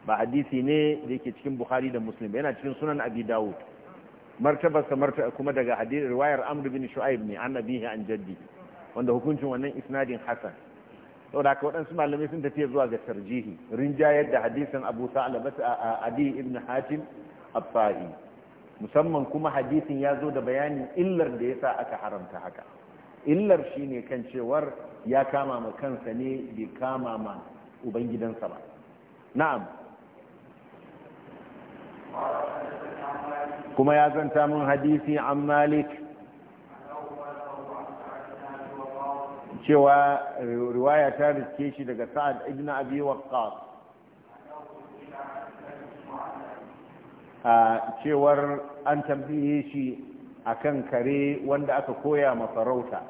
ba hadisi ne da yake cikin bukhari da muslim yana cikin sunan abi dawud martabarsa martaba kuma daga hadisi riwayar amr bin shu'aib ne an abihi an jaddi wanda hukuncin wannan isnadin hasan da haka waɗansu malamai sun tafiya zuwa ga tarjihi rinjayar da hadisin abu a adi ibn hatim a tai musamman kuma hadisin ya zo da bayanin illar da ya sa aka haramta haka illar shi ne kan cewar ya kama ma kansa ne bai kama ma ubangidansa ba na'am kuma ya zanta mun hadisi an malik cewa riwaya ta riske shi daga sa'ad ibn abi waqqas A cewar an tambaye shi akan kare wanda aka koya masarauta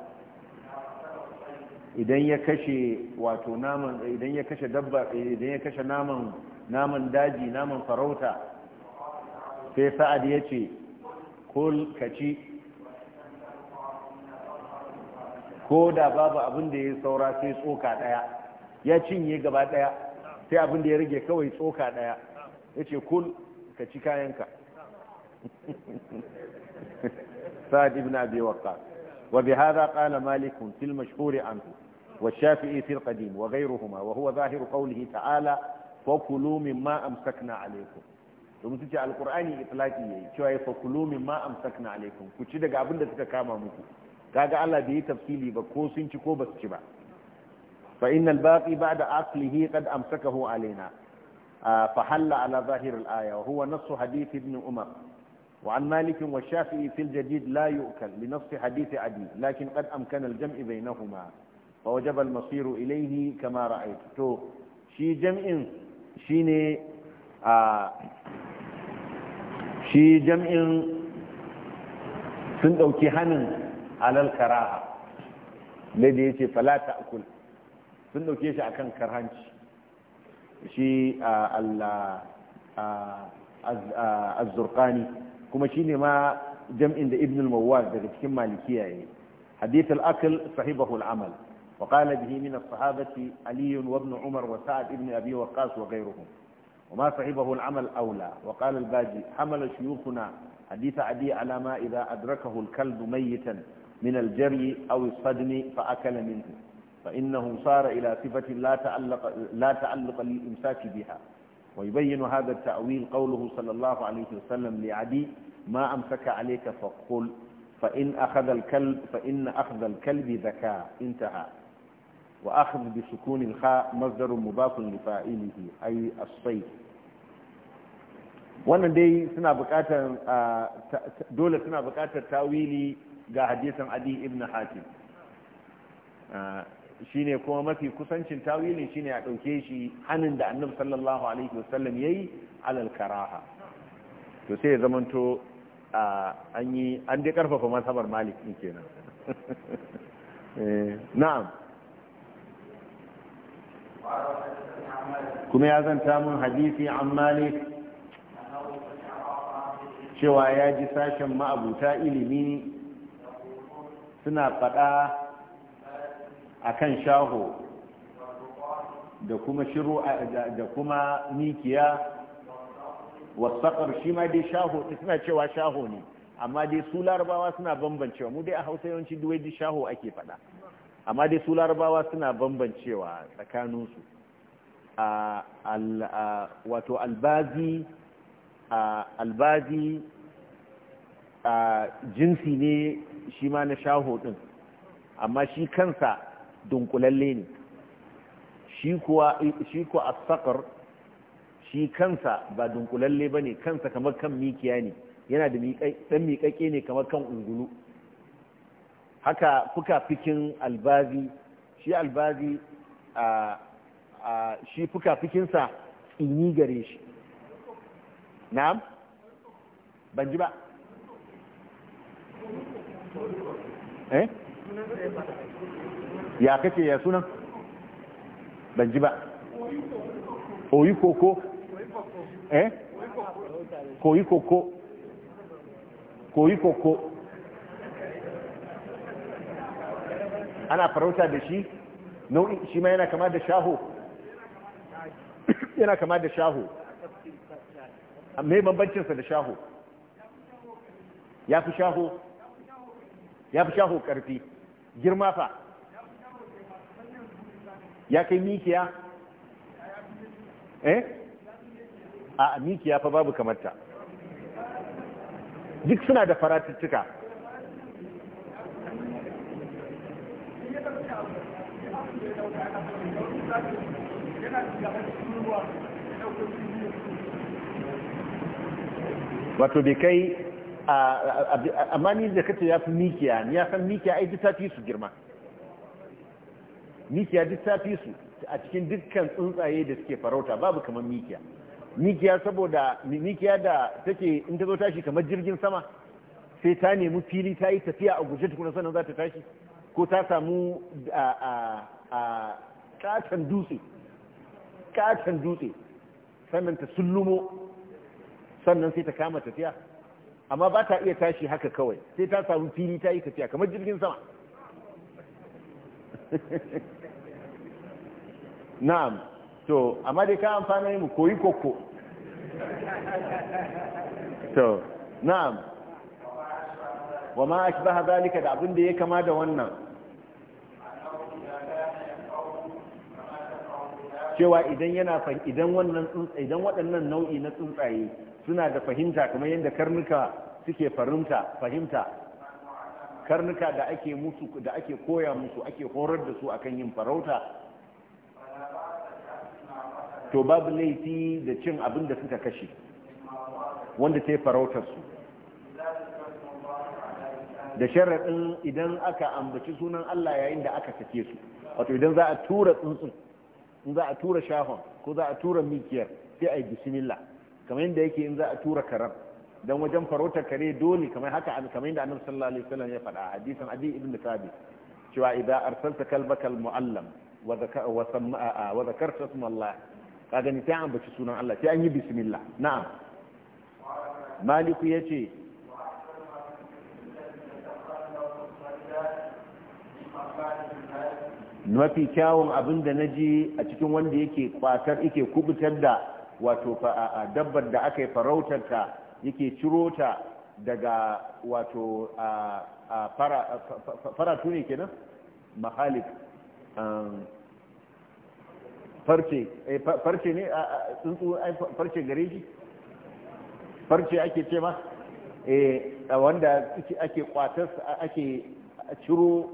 idan ya kashe wato naman idan ya kashe dabba idan ya kashe naman naman daji naman farauta sai sa'ad ya ce kul kaci ko da babu abin da ya saura sai tsoka daya ya cinye gaba daya sai abin da ya rage kawai tsoka daya ya ce kul ka ci kayanka sa'ad ibn abi waqqas wa bihadha qala malik fil mashhur anhu والشافعي في القديم وغيرهما وهو ظاهر قوله تعالى فكلوا مما أمسكنا عليكم domin su ce alkur'ani itlaki yayi cewa ya fakulu min ma amsakna alaikum ku ci daga abin da suka kama muku kaga Allah bai yi tafsili ba ko sun ci ko ba su ci ba fa innal baqi ba'da aslihi qad amsakahu alaina آه، فحل على ظاهر الآية وهو نص حديث ابن عمر وعن مالك والشافعي في الجديد لا يؤكل لنص حديث عدي لكن قد أمكن الجمع بينهما فوجب المصير إليه كما رأيت تو شي جمع شيني آه، شي جمع سندو كهن على الكراهة الذي يتي فلا تأكل سندو كيش أكن كرهنش shi az-zurqani kuma shine ma jam'in da ibn al-mawwaz daga cikin malikiya ne hadith al-akl sahibahu al-amal وقال به من الصحابة علي وابن عمر وسعد ابن أبي وقاص وغيرهم وما صحبه العمل أولى وقال الباجي حمل شيوخنا حديث عدي على ما إذا أدركه الكلب ميتا من الجري أو الصدم فأكل منه فإنه صار إلى صفة لا تعلق, لا تعلق للإمساك بها ويبين هذا التأويل قوله صلى الله عليه وسلم لعدي ما أمسك عليك فقل فإن أخذ الكلب فإن أخذ الكلب ذكاء انتهى وأخذ بسكون الخاء مصدر مضاف لفاعله أي الصيد wannan dai suna bukatar dole suna bukatar tawili ga hadisin adi ibn hatim shine kuma mafi kusancin tawilin shine a ɗauke shi hannun da annabi sallallahu alaihi wasallam yayi alal karaha to sai ya zamanto an yi an dai karfafa masabar malik din kenan eh, na'am kuma ya zanta mun hadisi an malik cewa ya ji sashen ma'abuta ilimi suna faɗa akan shaho da kuma shiru da kuma mikiya wasaƙar shi ma dai shaho suna cewa shaho ne amma dai su larabawa suna bambancewa mu dai a hausa yawanci duwai duk shaho ake faɗa amma dai su larabawa suna bambancewa tsakaninsu wato albazi albazi jinsi ne shi ma na shaho ɗin amma shi kansa dunkulalle ne shi kuwa shi ko as-saqr shi kansa ba dunkulalle bane kansa kamar kan mikiya ne yana da miƙai dan miƙaƙe ne kamar kan ungulu haka fuka-fikin albazi shi albazi a shi fukafikinsa tsini gare shi na'am ban ji ba eh ya kake ya sunan ban ji ba oyi koko eh koyi koko koyi koko ana farauta da shi nau'in shi ma yana kama da shaho yana kama da shaho mai bambancinsa da shaho ya fi shaho ya fi shaho ƙarfi girma fa ya kai mikiya eh a mikiya fa babu kamarta duk suna da faratuttuka wato bai kai amma ni da kace ya fi mikiya ni ya san mikiya ai ta fi su girma mikiya duk ta fi su a cikin dukkan tsuntsaye da suke farauta babu kamar mikiya mikiya saboda mikiya da take in ta zo tashi kamar jirgin sama sai ta nemi fili ta yi tafiya a guje tukuna sannan za ta tashi ko ta samu a katon dutse katon dutse sannan ta sullumo sannan sai ta kama tafiya amma ba ta iya tashi haka kawai sai ta samu fili ta yi tafiya kamar jirgin sama na'am to amma dai ka amfana mu koyi koko to na'am wa ma ashbaha zalika da abin da ya kama da wannan cewa idan yana idan wannan idan waɗannan nau'i na tsuntsaye suna da fahimta kamar yadda karnuka suke farumta fahimta karnuka da ake musu da ake koya musu ake horar da su akan yin farauta to babu laifi da cin abin da suka kashe wanda ta yi farautar su da sharaɗin idan aka ambaci sunan Allah yayin da aka sake su wato idan za a tura tsuntsun in za a tura shahon ko za a tura mikiyar sai a yi bismillah kamar yadda yake in za a tura karam dan wajen farauta kare dole kamar haka kamar yadda annabi sallallahu alaihi wasallam ya faɗa hadisin abi ibn thabit cewa idan arsalta kalbaka almuallam wa zakar wa zakarta isma Allah ka gani sai an baci sunan Allah sai an yi bismillah na'am maliku yace mafi kyawun abin da na ji a cikin wanda yake kwatar yake kubutar da wato dabbar da aka yi ta. yake ciro ta daga wato a faratu ne kenan mahalif um, eh, farce ne a tsuntsu farce gare shi farce ake ce ma eh, wanda ake kwatar ake ciro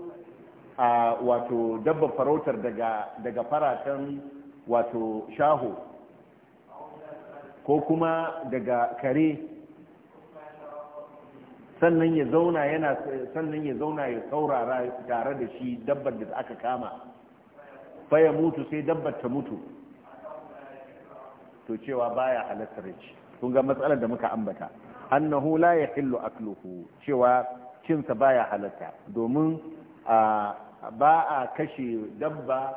a wato dabba farautar daga faratan wato shaho ko kuma daga kare sannan ya zauna yana sannan ya zauna ya saurara tare da shi dabbar da aka kama fa ya mutu sai dabbar ta mutu to cewa baya halattar ci kun ga matsalar da muka ambata annahu la yahillu akluhu cewa cin sa baya halatta domin ba a kashe dabba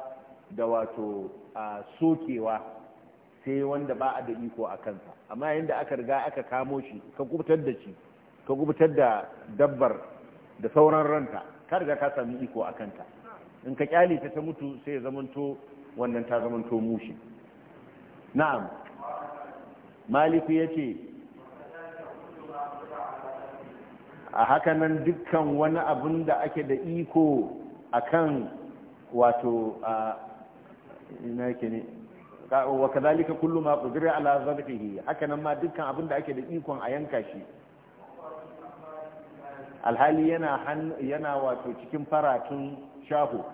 da wato sokewa sai wanda ba a da iko a kansa amma yadda aka riga aka kamo shi ka kubutar da shi ka kubutar da dabbar da sauran ranta ka riga ka sami iko a kanta in ka kyale ta ta mutu sai ya zamanto wannan ta zamanto mushi na'am maliku ya ce a hakanan dukkan wani abin da ake da iko a kan, wato a ina yake ne wa kazalika kullu ma qudira ala zarfihi hakanan ma dukkan abin da ake da ikon a yanka shi alhali yana yana wato cikin faratun shaho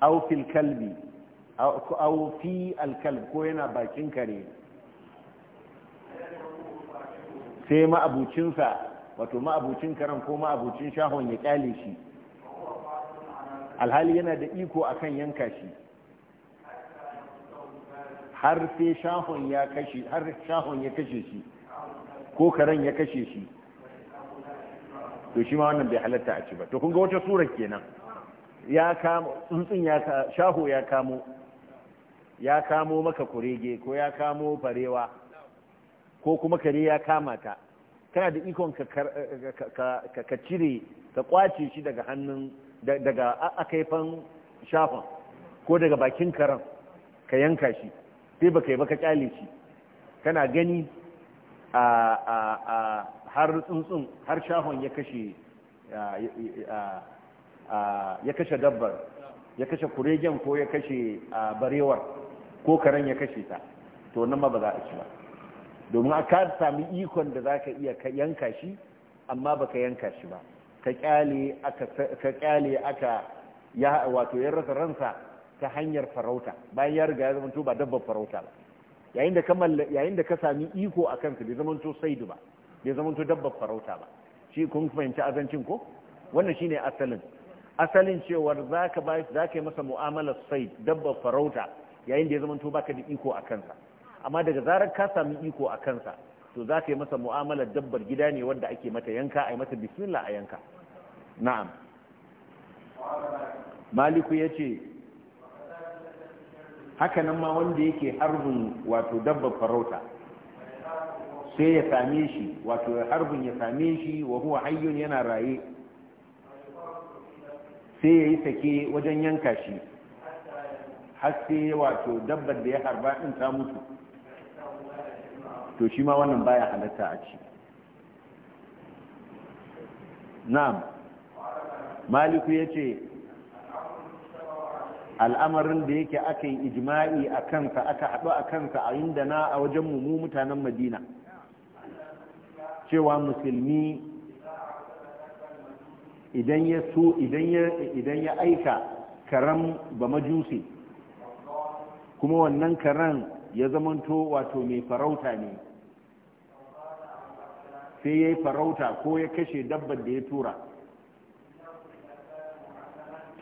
au fil kalbi au fi alkalb ko yana bakin kare sai ma'abucinsa wato ma'abucin karen ko ma'abucin shahon ya kyale shi alhali yana da iko akan yanka shi har sai shahon ya kashe shi ko karen ya kashe shi to shi ma wannan bai halatta a ci ba to kun ga wata surar kenan ya kamo tsuntsun ya ka shaho ya kamo ya kamo maka kurege ko ya kamo farewa ko kuma kare ya kama ta kana da ikon ka cire ka kwace shi daga hannun daga akaifan shafan ko daga bakin karan ka yanka shi sai baka yi baka kyale shi kana gani a har tsuntsun har shahon ya kashe ya kashe dabbar ya kashe kuregen ko ya kashe barewar ko karen ya kashe ta to nan ma ba za a ci ba domin a ka sami ikon da za ka iya yanka shi amma ba ka yanka shi ba ka kyale aka ya wato ya rasa ransa ta hanyar farauta bayan ya riga ya zama to ba dabbar farauta ba yayin da ka sami iko a kansa bai zama to sai ba ya zama to dabbar farauta ba shi kun fahimci azancin ko wannan shine asalin asalin cewar zaka ba zaka yi masa mu'amalar sai dabbar farauta yayin da ya zama to baka da iko a kansa amma daga zarar ka sami iko a kansa to zaka yi masa mu'amalar dabbar gida ne wanda ake mata yanka ai mata bismillah a yanka na'am maliku yace haka nan ma wanda yake harbin wato dabbar farauta sai ya same shi wato harbin ya same shi wa huwa hayyun yana raye sai ya yi sake wajen yanka shi har sai wato dabbar da ya harba in ta mutu to shi ma wannan baya halatta a ci na'am maliku ya ce al'amarin da yake aka yi ijma'i a kansa aka haɗu a kansa a inda na a wajen mu mutanen madina cewa musulmi idan ya so idan ya aika karam ba majusi kuma wannan karan ya zamanto wato mai farauta ne sai ya yi farauta ko ya kashe dabbar da ya tura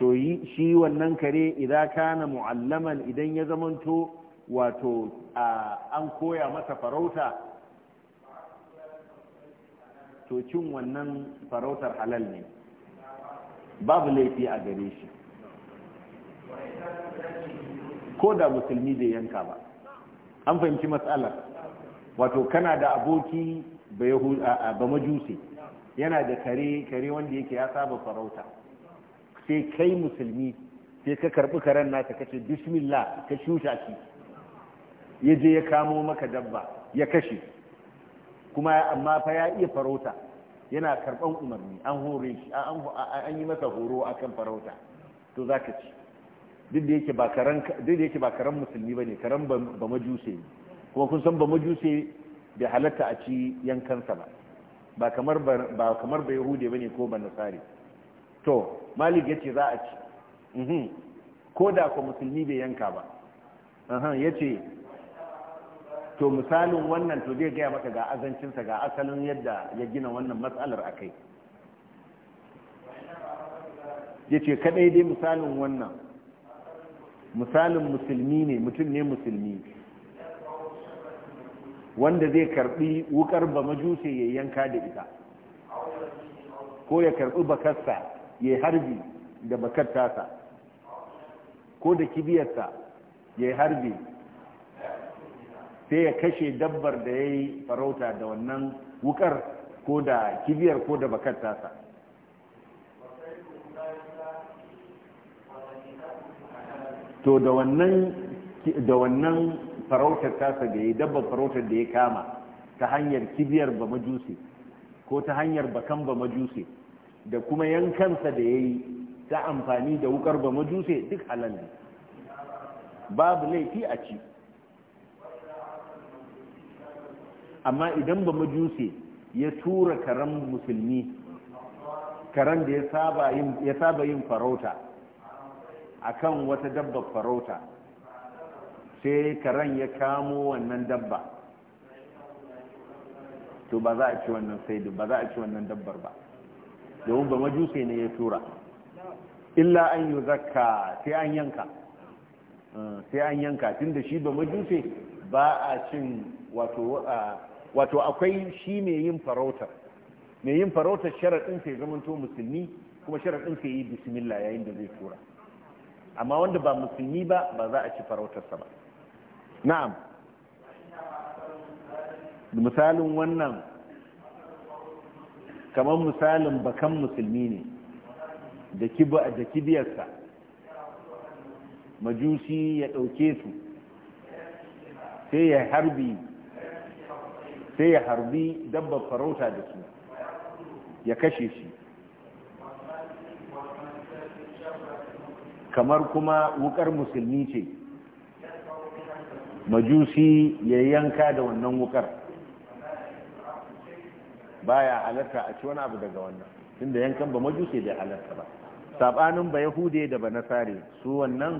to shi wannan kare idan kana mu'allaman idan ya zamanto wato an koya masa farauta to cin wannan farautar halal ne babu laifi a gare shi ko da musulmi bai yanka ba an fahimci matsalar wato kana da aboki ba majusi yana da kare kare wanda yake ya saba farauta sai kai musulmi sai ka karbi karen nasa ce bismillah ka shusha shi ya je ya kamo maka dabba ya kashe kuma amma fa ya iya farauta yana karban umarni an hore shi an yi masa horo akan farauta to zaka ci duk da yake ba karan duk da yake ba karan musulmi bane karan ba majuse ne kuma kun san ba majuse bai halatta a ci yankansa ba ba kamar ba kamar ba yahude bane ko ba nasari to malik yace za a ci mhm. ko da ko musulmi bai yanka ba yace to misalin wannan to zai gaya maka ga azancinsa ga asalin yadda ya gina wannan matsalar a kai ya ce kadai dai misalin wannan misalin musulmi ne mutum ne musulmi wanda zai karbi wukar ba majuse ya yanka da ita ko ya karbi bakarsa ya harbi da bakar tasa ko da kibiyarsa ya harbi sai ya kashe dabbar da ya yi farauta da wannan wukar ko da kibiyar ko da bakar tasa to da wannan farautar tasa da ya yi dabbar farautar da ya kama ta hanyar kibiyar ba majusi ko ta hanyar bakan ba majusi da kuma yankansa da ya yi ta amfani da wukar ba majusi duk halal ne babu laifi a ci amma idan ba majusi ya tura karen musulmi karen da ya saba yin farauta a kan wata dabba farauta sai karen ya kamo wannan dabba to ba za a ci wannan saidu ba za a ci wannan dabbar ba domin ba majusi ne ya tura illa an yi zakka sai an yanka eh, sai an yanka tun da shi ba majusi ba a cin wato wato akwai shi mai yin farautar mai yin farautar sharaɗin sai to musulmi kuma sharaɗin sai yi bismillah yayin da zai tura amma wanda ba musulmi ba ba za a ci farautarsa ba na'am misalin wannan kamar misalin bakan musulmi ne da kibiyarsa majusi ya ɗauke su sai ya harbi sai ya harbi dabbar farauta da su ya kashe shi kamar kuma wukar musulmi ce majusi ya yanka da wannan wukar baya halarta a ci wani abu daga wannan da yankan ba majusi bai halarta ba sabanin ba yahude da ba nasare su wannan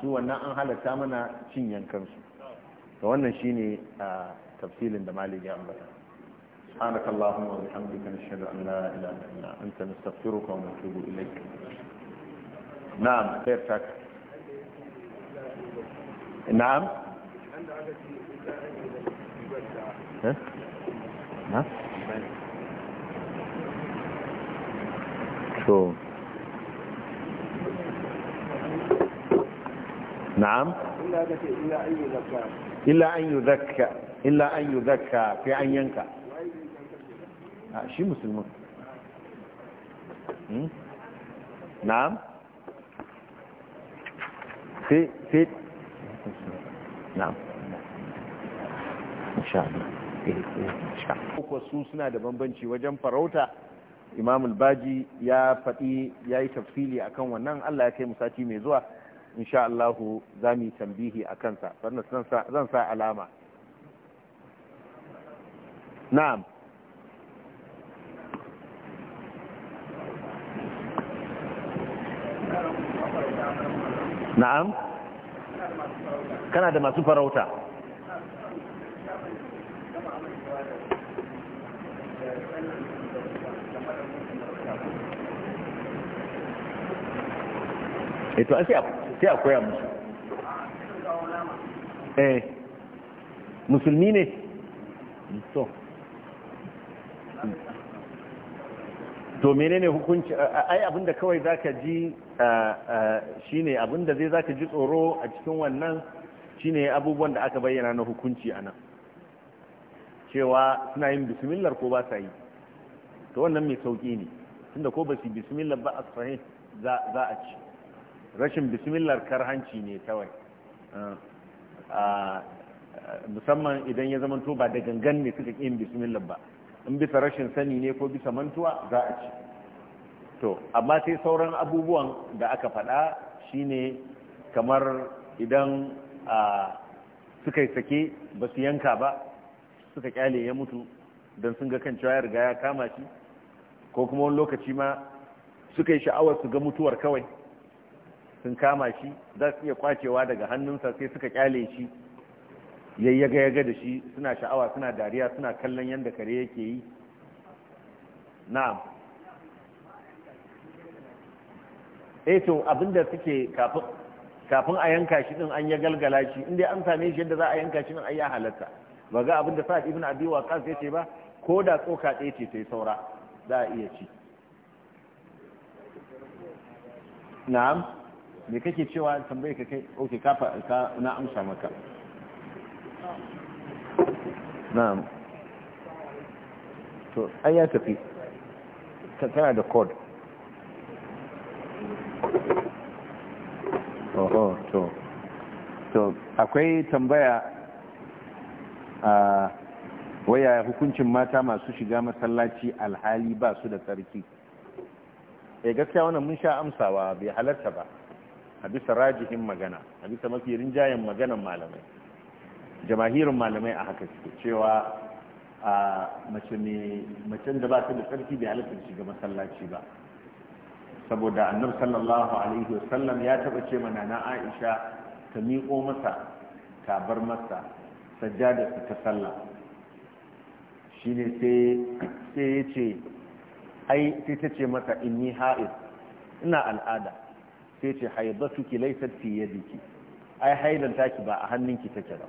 su wannan an halarta mana cin yankansu da wannan shine تفصيل da malik ya سبحانك اللهم وبحمدك نشهد ان لا اله الا انت نستغفرك ونتوب اليك نعم خير شك نعم نعم شو نعم إلا أن يذكر إلا أن يذكر illa an yi zakka fi an yanka a shi musulman hmm? na'am sai na'am eh, eh, kuwa su suna da bambanci wajen farauta imam baji ya faɗi ya yi tafsili akan wannan allah ya kai musati mai zuwa insha'allahu za mu yi tambihi a kansa sannan zan sa alama na'am na'am kana da masu farauta eto eh, an musu eh musulmi ne to to menene hukunci ai abinda kawai zaka ji shine abinda zai zaka ji tsoro a cikin wannan shine abubuwan da aka bayyana na hukunci anan cewa suna yin bismillah ko ba sa yi to wannan mai sauki ne tunda ko ba su bismillah ba a sahih za a ci rashin bismillah karhanci ne kawai musamman idan ya zama to ba da gangan ne suka yin bismillah ba in bisa rashin sani ne ko bisa mantuwa za a ci to amma sai sauran abubuwan da aka faɗa shine kamar idan a suka yi sake ba su yanka ba suka kyale ya mutu don sun ga kan cewa ya riga ya kama shi ko kuma wani lokaci ma suka yi sha'awar su ga mutuwar kawai sun kama shi za su iya kwacewa daga hannunsa sai suka kyale shi yayyaga yaga da shi suna sha'awa suna dariya suna kallon yadda kare yake yi na'am eh to abinda suke kafin a yanka shi din an ya galgala shi inda an same shi yadda za a yanka shi din ai ya halatta ba ga abinda sa'ad ibn abi waqas yace ba ko da tsoka ɗaya ce sai saura za a iya ci na'am me kake cewa tambaye ka kai okay ka na amsa maka na'am to ai ya tafi tana da code to to akwai tambaya a waya hukuncin mata masu shiga masallaci alhali ba su da tsarki e gaskiya wannan mun sha amsawa bai halarta ba a bisa rajihin magana a bisa mafi rinjayen maganan malamai jamahirin malamai a haka suke cewa a mace ne macen da ba ta da tsarki bai halatta shiga masallaci ba saboda annabi sallallahu alaihi wasallam ya taba ce mana na Aisha ta miƙo masa ta bar masa sajjada ta sallah ne sai sai ce ai sai ta ce masa in yi ha'ir ina al'ada sai ce laifar fiye da yadiki ai hailan ki ba a hannunki take ba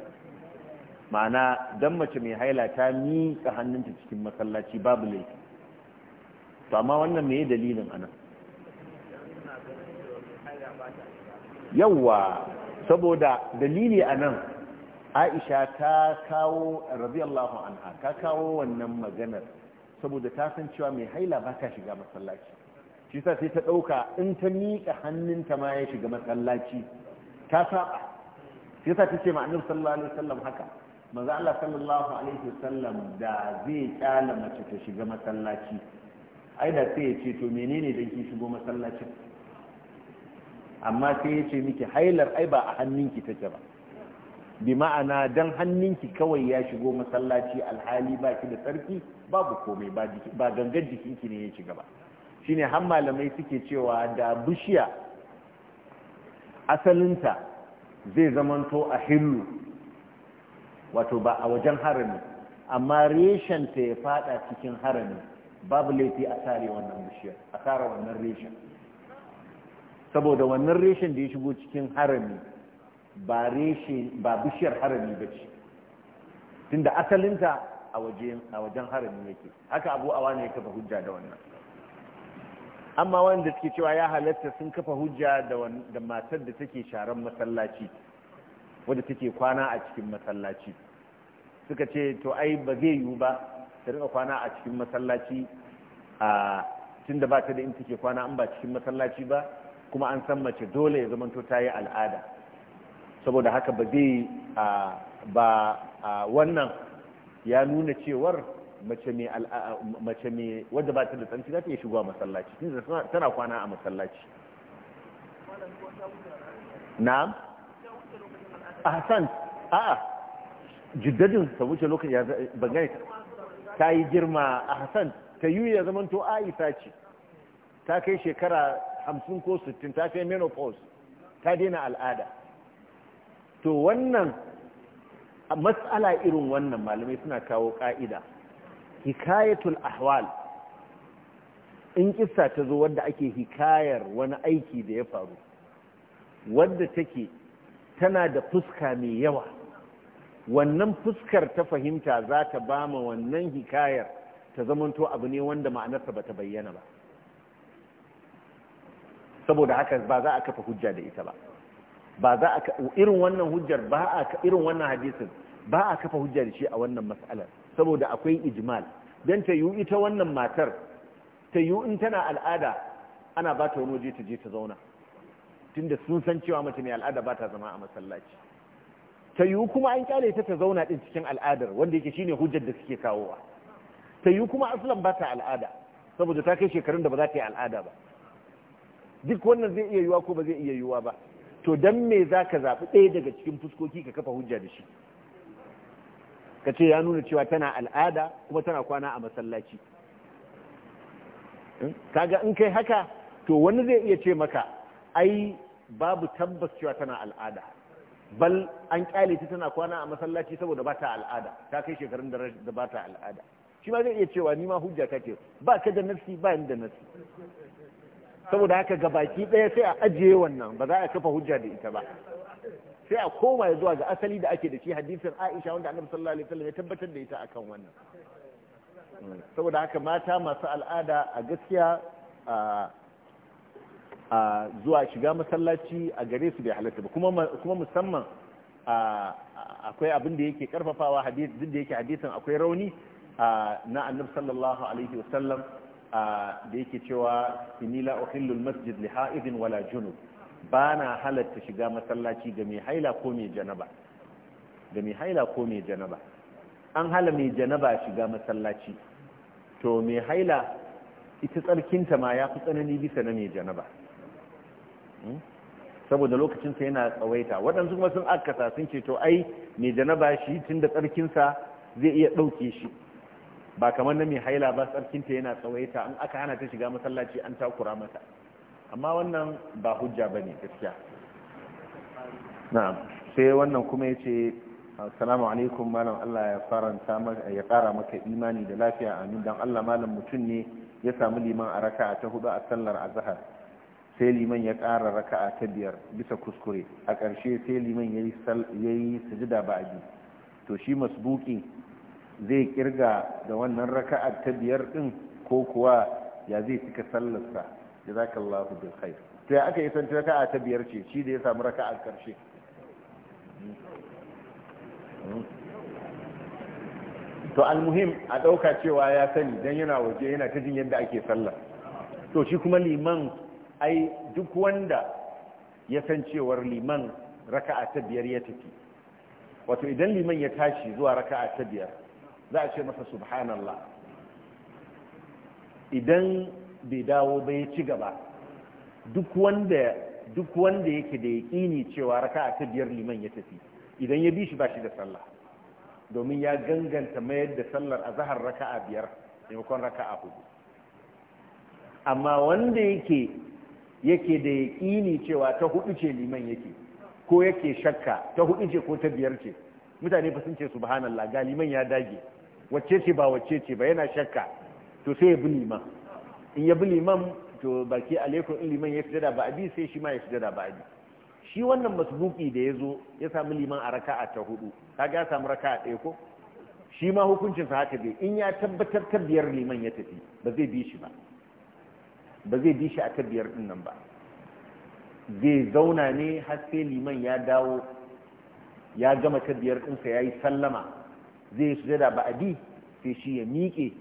ma'ana dan mace mai haila ta miƙa hannunta cikin masallaci babu laifi to amma wannan me dalilin anan yawwa saboda dalili anan Aisha ta kawo radiyallahu anha ta kawo wannan maganar saboda ta san cewa mai haila ba ta shiga masallaci shi sa sai ta ɗauka in ta miƙa hannunta ma ya shiga masallaci ta saba sai ta ce ma'anar sallallahu alaihi wasallam haka maza Allah sallallahu alaihi wasallam da zai kyala mace ta shiga masallaci ai da sai ya ce to menene dan ki shigo masallacin amma sai ya ce miki hailar ai ba a hannunki take ba bi ma'ana dan hannunki kawai ya shigo masallaci alhali ba ki da tsarki babu komai ba gangan jikinki ne ya shiga ba shine har malamai suke cewa da bishiya asalinta zai zamanto a hillu wato ba a wajen harami amma reshen ta ya fada cikin harami babu laifi a sare wannan bishiyar a sare wannan reshen saboda wannan reshen da ya shigo cikin harami ba reshe ba bishiyar harami ba ce tunda asalinta a wajen harami yake haka abu a ne ya kafa hujja da wannan amma wanda suke cewa ya halatta sun kafa hujja da matar da take sharan masallaci wadda take kwana a cikin masallaci suka ce to ai ba zai yiwu ba ta rika kwana a cikin masallaci a tun ba ta da in take kwana an ba cikin masallaci ba kuma an san mace dole ya zamanto ta yi al'ada saboda haka ba zai ba wannan ya nuna cewar mace mai mace mai wadda ba ta da tsanci za ta iya a masallaci tana kwana a masallaci na'am ahsan a'a jiddadin ta wuce lokaci ban gane ta ta yi girma ahsan ta yi ya zama to aisha ce ta kai shekara 50 ko sittin ta kai menopause ta daina al'ada to wannan matsala irin wannan malamai suna kawo ka'ida hikayatul ahwal in kissa ta zo wadda ake hikayar wani aiki da ya faru wadda take tana da fuska mai yawa wannan fuskar ta fahimta za ta ba ma wannan hikayar ta zamanto abu ne wanda ma'anarsa ba ta bayyana ba saboda haka ba za a kafa hujja da ita ba ba za a irin wannan hujjar ba a irin wannan hadisin ba a kafa hujja da shi a wannan mas'alar saboda akwai ijmal don ta yi ita wannan matar ta yi in tana al'ada ana ba ta wani waje ta je ta zauna tunda sun san cewa mace mai al'ada ba ta zama a masallaci ta yiwu kuma an kyale ta ta zauna din cikin al'adar wanda yake shine hujjar da suke kawowa ta yiwu kuma aslan ba ta al'ada saboda ta kai shekarun da ba za ta yi al'ada ba duk wannan zai iya yiwuwa ko ba zai iya yiwuwa ba to dan me za ka zaɓi ɗaya daga cikin fuskoki ka kafa hujja da shi ka ce ya nuna cewa tana al'ada kuma tana kwana a masallaci kaga in kai haka to wani zai iya ce maka ai babu tabbas cewa tana al'ada bal an kyale ta tana kwana a masallaci saboda ba ta al'ada ta kai shekarun da ba ta al'ada shi ma zai iya cewa ni ma hujja ta ce ba ka da nafsi ba ni da nafsi saboda haka ga baki ɗaya sai a ajiye wannan ba za a kafa hujja da ita ba sai a koma zuwa ga asali da ake da shi hadisin Aisha wanda Annabi sallallahu alaihi wasallam ya tabbatar da ita akan wannan saboda haka mata masu al'ada a gaskiya a zuwa shiga masallaci a gare su bai halatta ba kuma musamman akwai abin da yake karfafawa duk da yake hadisin akwai rauni na annabi sallallahu alaihi wasallam da yake cewa inila uhillul masjid li ha'idin wala junub ba na halatta shiga masallaci ga mai haila ko mai janaba ga mai haila ko mai janaba an hala mai janaba shiga masallaci to mai haila ita tsarkinta ma ya fi tsanani bisa na mai janaba Hmm? saboda lokacinsa yana tsawaita waɗansu kuma sun akasa sun ce to ai mai janaba shi tun da tsarkinsa zai iya ɗauke shi ba kamar na mai haila ba tsarkinta yana tsawaita an aka hana ta shiga masallaci an takura mata amma wannan ba hujja ba ne gaskiya na'am sai wannan kuma ya ce assalamu alaikum malam allah ya faranta ya ƙara maka imani da lafiya amin don allah malam mutum ne ya samu liman a raka ta hudu a sallar azahar sai liman ya ƙara raka'a ta biyar bisa kuskure a ƙarshe sai liman ya yi sujida ba a to shi masbuki zai kirga da wannan raka'a ta biyar ɗin ko kuwa ya zai cika sallarsa Ya za ka lafi bil khair to ya aka yi san raka'a ta biyar ce shi da ya samu raka'a ƙarshe to almuhim a ɗauka cewa ya sani don yana waje yana ta jin yadda ake sallah to shi kuma liman ai duk wanda ya san cewar liman raka'a ta biyar ya tafi wato idan liman ya tashi zuwa raka'a ta biyar za a ce masa subhanallah idan bai dawo ba ya ci gaba duk wanda yake da yaƙini cewa raka'a ta biyar liman ya tafi idan ya bi shi ba shi da sallah domin ya ganganta mayar da sallar azhar raka'a biyar maimakon raka'a hudu amma wanda yake yake da yaƙini cewa ta hudu ce liman yake ko yake shakka ta hudu ce ko ta biyar ce mutane ba sun ce subhanallah ga liman ya dage wacce ce ba wacce ce ba yana shakka to sai ya bi liman in ya bi liman to baki alaikum in liman ya sujada ba abi sai shi ma ya sujada ba abi shi wannan masbuki da ya zo ya samu liman a raka'a ta hudu kaga ya samu raka'a ɗaya ko shi ma hukuncinsa haka bai in ya tabbatar ta biyar liman ya tafi ba zai bi shi ba ba zai bi shi a tabiyar biyar nan ba zai zauna ne har sai liman ya dawo ya gama tabiyar biyar ɗinsa ya yi sallama zai su jada ba a bi sai shi ya miƙe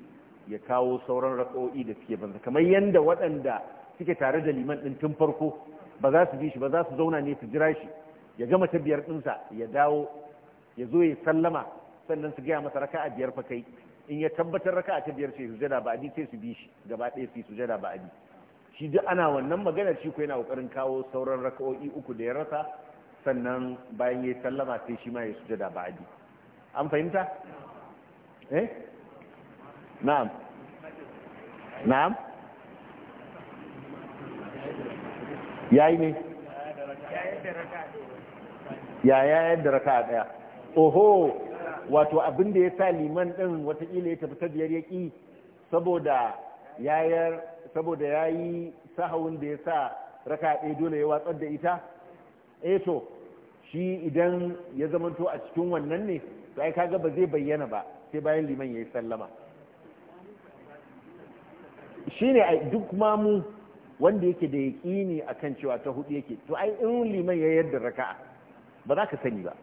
ya kawo sauran raƙo'i da suke banza kamar yadda waɗanda suke tare da liman ɗin tun farko ba za su bi shi ba za su zauna ne su jira shi ya gama tabiyar biyar ɗinsa ya dawo ya zo ya sallama sannan su gaya masa raka'a biyar fa kai in ya tabbatar raka'a ta biyar sai jada ba a bi sai su bi shi gaba ɗaya sai jada ba a bi shi ji ana wannan magana shi ko yana kokarin kawo sauran raka'o'i uku da ya rasa sannan bayan ya sallama sai shi ma ya sujada ba'adi an fahimta eh na'am na'am yayi ne ya ya da raka'a daya oho wato abin da ya sa liman din watakila ya tafi ta biyar ya saboda yayar saboda ya yi sahawun da ya sa raka ɗaya dole ya watsar da ita eh to shi idan ya zamanto a cikin wannan ne to ai kaga ba zai bayyana ba sai bayan liman ya yi sallama shi ne duk mamu wanda yake da yaƙini a kan cewa ta hudu yake to ai in liman ya yadda raka'a ba za ka sani ba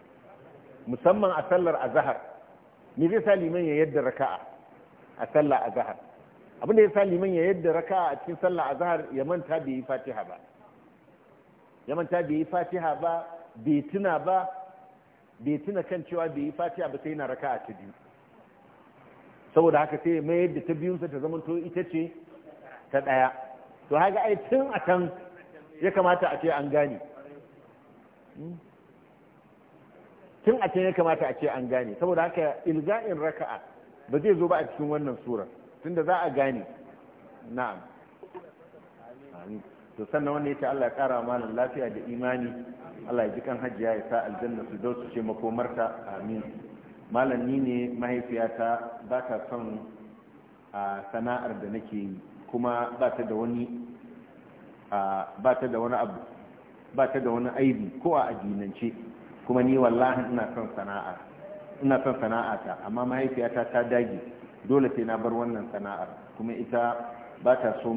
musamman a sallar azahar me zai sa liman ya yadda raka'a a sallar azahar abin da ya sa liman ya yadda raka a cikin sallah a zahar ya manta bai yi fatiha ba ya bai ba bai tuna ba kan cewa bai yi fatiha ba sai yana raka a ta biyu saboda haka sai ya mayar da ta biyunsa ta zama to ita ce ta ɗaya to haka ai tun a can ya kamata a ce an gane hmm? tun a can ya kamata a ce an gane saboda haka ilga'in raka'a ba zai zo ba a cikin wannan surar tunda za a gane na'am to sannan wanda yace Allah ya kara malam lafiya da imani Allah ya ji kan Hajiya ya sa aljanna su dausu ce makomarta amin malam ni ne mahaifiyata ba ta son a sana'ar da nake yi kuma ba ta da wani ba ta da wani abu ba ta da wani aibi ko a addinance kuma ni wallahi ina son sana'a ina son sana'ata amma mahaifiyata ta dage dole sai na bar wannan sana'ar kuma ita ba ta so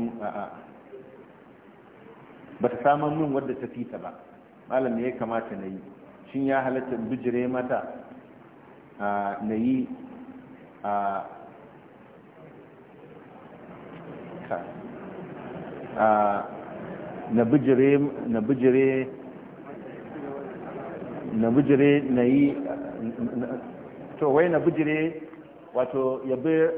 ba ta samun min wadda ta fita ba malam ya kamata na yi shin ya halatta bijire mata na yi a na bijire na bijire na bijire na yi to wai na bijire wato ya bi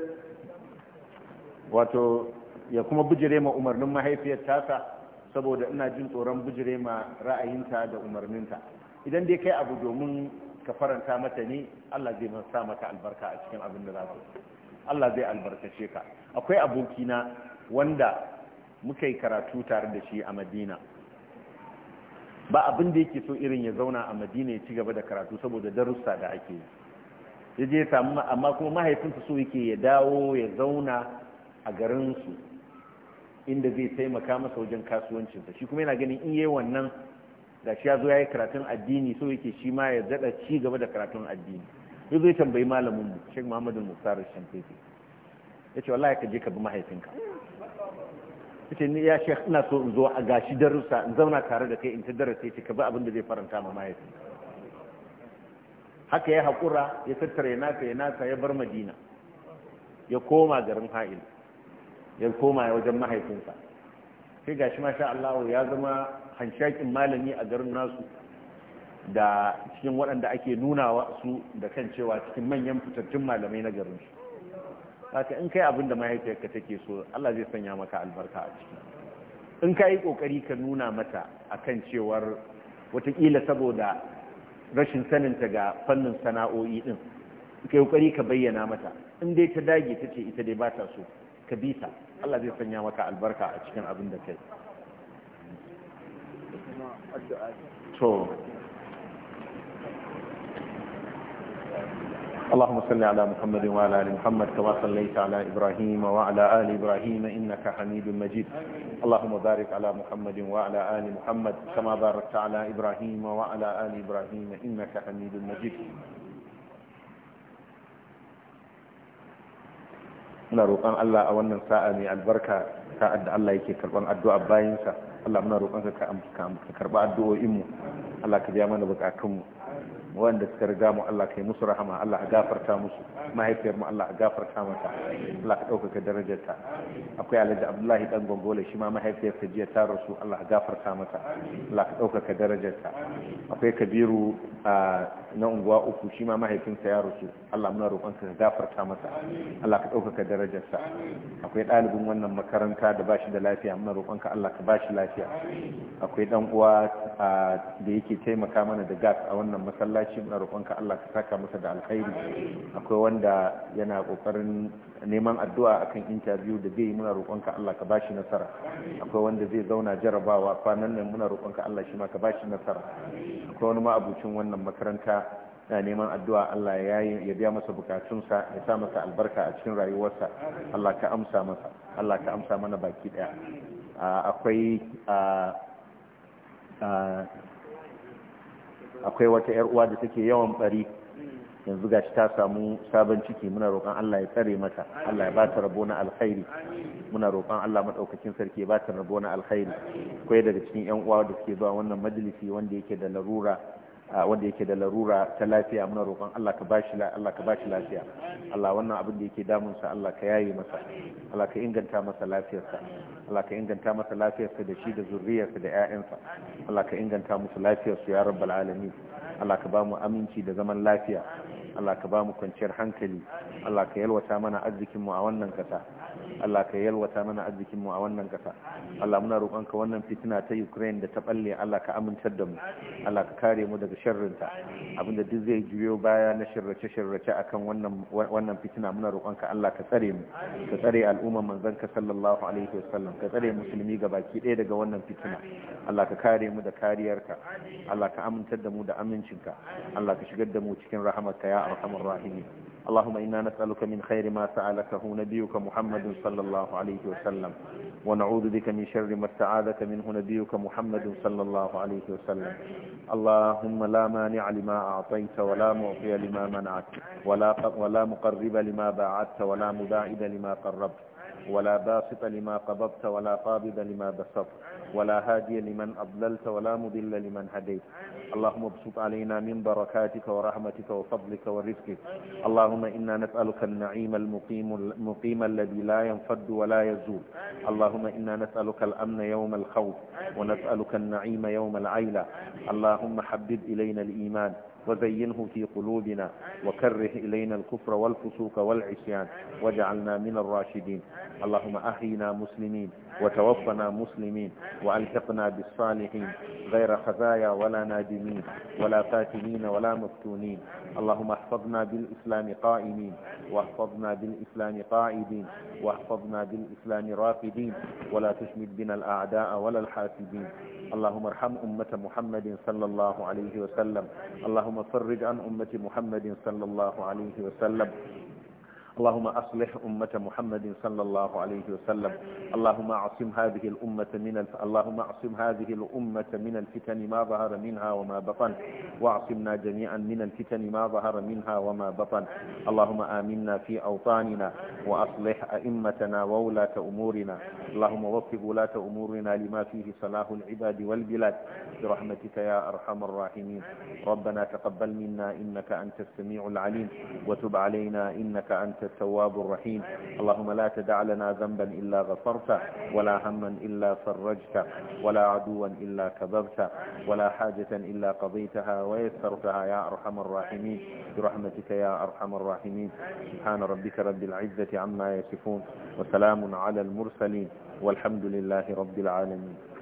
wato ya kuma bijire ma umarnin mahaifiyar tasa saboda ina jin tsoron bijire ma ra'ayinta da umarninta idan dai kai abu domin ka faranta mata ne Allah zai sa maka albarka a cikin abin da za su Allah zai albarkace ka akwai abokina wanda muka yi karatu tare da shi a Madina ba abin da yake so irin ya zauna a Madina ya ci gaba da karatu saboda darussa da ake yi ya je samu amma kuma mahaifinsa so yake ya dawo ya zauna a garinsu inda zai taimaka masa wajen kasuwancinsa shi kuma yana ganin in yi wannan ga shi ya zo ya yi karatun addini so yake shi ma ya daɗa ci gaba da karatun addini ya zo ya tambayi malamin mu shek muhammadu musar shamfefe ya ce wallahi ka je ka bi mahaifinka ya ce ya shek ina so in zo a gashi darussa in zauna tare da kai in ta darasa ya ce ka bi abin da zai faranta ma mahaifinka haka ya haƙura ya tattara ya nasa ya nasa ya bar madina ya koma garin ha'il ya koma wajen mahaifinsa sai shi masha Allah ya zama hanshakin malami a garin nasu da cikin waɗanda ake nuna su da kan cewa cikin manyan fitattun malamai na garin su haka in kai abin da mahaifiyarka take so Allah zai sanya maka albarka a ciki in ka yi ka nuna mata akan cewar watakila saboda rashin saninta ga fannin sana'o'i din kai kokari ka bayyana mata in dai ta dage ta ce ita dai ba ta so ka bi Allah zai sanya maka albarka a cikin abin da kai to اللهم صل على محمد وعلى ال محمد كما صليت على ابراهيم وعلى ال ابراهيم انك حميد مجيد اللهم بارك على محمد وعلى ال محمد كما باركت على ابراهيم وعلى ال ابراهيم انك حميد مجيد muna roƙon Allah a wannan sa'a mai albarka sa'ad da Allah yake karɓar addu'a bayansa Allah muna roƙon ka ka karɓa addu'o'inmu Allah ka biya mana buƙatunmu wanda suka riga mu Allah kai musu rahama Allah ka gafarta musu mahaifiyar mu Allah ka gafarta mata Allah ka ɗaukaka darajarta akwai alhaji Abdullahi dan gongole shi ma mahaifiyar ta jiya ta rasu Allah ka gafarta mata Allah ka ɗaukaka darajarta akwai Kabiru na unguwa uku shi ma mahaifinsa ya rasu Allah muna roƙon ka gafarta masa Allah ka ɗaukaka darajarsa akwai ɗalibin wannan makaranta da ba shi da lafiya muna roƙon ka Allah ka ba shi lafiya akwai ɗan uwa da yake taimaka mana da gas a wannan masallaci dace muna roƙonka Allah ka saka masa da alkhairi akwai wanda yana ƙoƙarin neman addu'a akan interview da zai yi muna roƙonka Allah ka bashi nasara akwai wanda zai zauna jarabawa kwanan nan muna roƙonka Allah shi ma ka bashi nasara akwai wani ma'abucin wannan makaranta na neman addu'a Allah ya biya masa bukatunsa ya sa masa albarka a cikin rayuwarsa Allah ka amsa masa Allah ka amsa mana baki daya akwai ah, ah, akwai wata yar uwa da take yawan bari yanzu gashi ta samu sabon ciki muna roƙon Allah ya tsare mata Allah ya ba ta rabo na alkhairi muna roƙon Allah madaukakin sarki ya ba ta rabo na alkhairi akwai daga cikin yan uwa da suke zuwa wannan majalisi wanda yake da larura wanda yake da larura ta lafiya muna roƙon Allah ka bashi Allah ka bashi lafiya Allah wannan abin da yake damun sa Allah ka yaye masa Allah ka inganta masa lafiyarsa Allah ka inganta masa lafiyarsa da shi da zuriyarsa da ƴaƴansa Allah ka inganta musu lafiyarsu ya rabbal alamin Allah ka ba mu aminci da zaman lafiya Allah ka ba mu kwanciyar hankali Allah ka yalwata mana arzikinmu a wannan kasa Allah ka yalwata mana arzikinmu a wannan kasa Allah muna roƙonka wannan fitina ta Ukraine da ta balle Allah ka amintar da mu Allah ka kare mu daga sharrinta abinda duk zai juyo baya na shirrace shirrace akan wannan wannan fitina muna roƙonka Allah ka tsare mu ka tsare al'umman manzon ka sallallahu alaihi wasallam ka tsare musulmi gabaki ɗaya daga wannan fitina Allah ka kare mu da kariyarka Allah ka amintar da mu da aminci amincinka Allah ka shigar da mu cikin rahamarka اللهم إنا نسألك من خير ما سألكه نبيك محمد صلى الله عليه وسلم ونعوذ بك من شر ما استعاذك منه نبيك محمد صلى الله عليه وسلم اللهم لا مانع لما أعطيت ولا معطي لما منعت ولا, ولا مقرب لما باعدت ولا مباعد لما قربت ولا باسط لما قبضت ولا قابض لما بسطت ولا هادي لمن أضللت ولا مضل لمن هديت اللهم ابسط علينا من بركاتك ورحمتك وفضلك ورزقك اللهم إنا نسألك النعيم المقيم, المقيم الذي لا ينفد ولا يزول اللهم إنا نسألك الأمن يوم الخوف ونسألك النعيم يوم العيلة اللهم حبب إلينا الإيمان وزينه في قلوبنا وكره إلينا الكفر والفسوق والعصيان واجعلنا من الراشدين اللهم أحينا مسلمين وتوفنا مسلمين وألحقنا بالصالحين غير خزايا ولا نادمين ولا فاتنين ولا مفتونين اللهم احفظنا بالإسلام قائمين واحفظنا بالإسلام قائدين واحفظنا بالإسلام رافدين ولا تشمت بنا الأعداء ولا الحاسدين اللهم ارحم أمة محمد صلى الله عليه وسلم اللهم فرج عن أمة محمد صلى الله عليه وسلم اللهم أصلح أمة محمد صلى الله عليه وسلم اللهم اعصم هذه الأمة من الف... اللهم اعصم هذه الأمة من الفتن ما ظهر منها وما بطن واعصمنا جميعا من الفتن ما ظهر منها وما بطن اللهم آمنا في أوطاننا وأصلح أئمتنا وولاة أمورنا اللهم وفق ولاة أمورنا لما فيه صلاح العباد والبلاد برحمتك يا أرحم الراحمين ربنا تقبل منا إنك أنت السميع العليم وتب علينا إنك أنت التواب الرحيم اللهم لا تدع لنا ذنبا إلا غفرته ولا هما إلا فرجته ولا عدوا إلا كبرته ولا حاجة إلا قضيتها ويسرتها يا أرحم الراحمين برحمتك يا أرحم الراحمين سبحان ربك رب العزة عما يصفون وسلام على المرسلين والحمد لله رب العالمين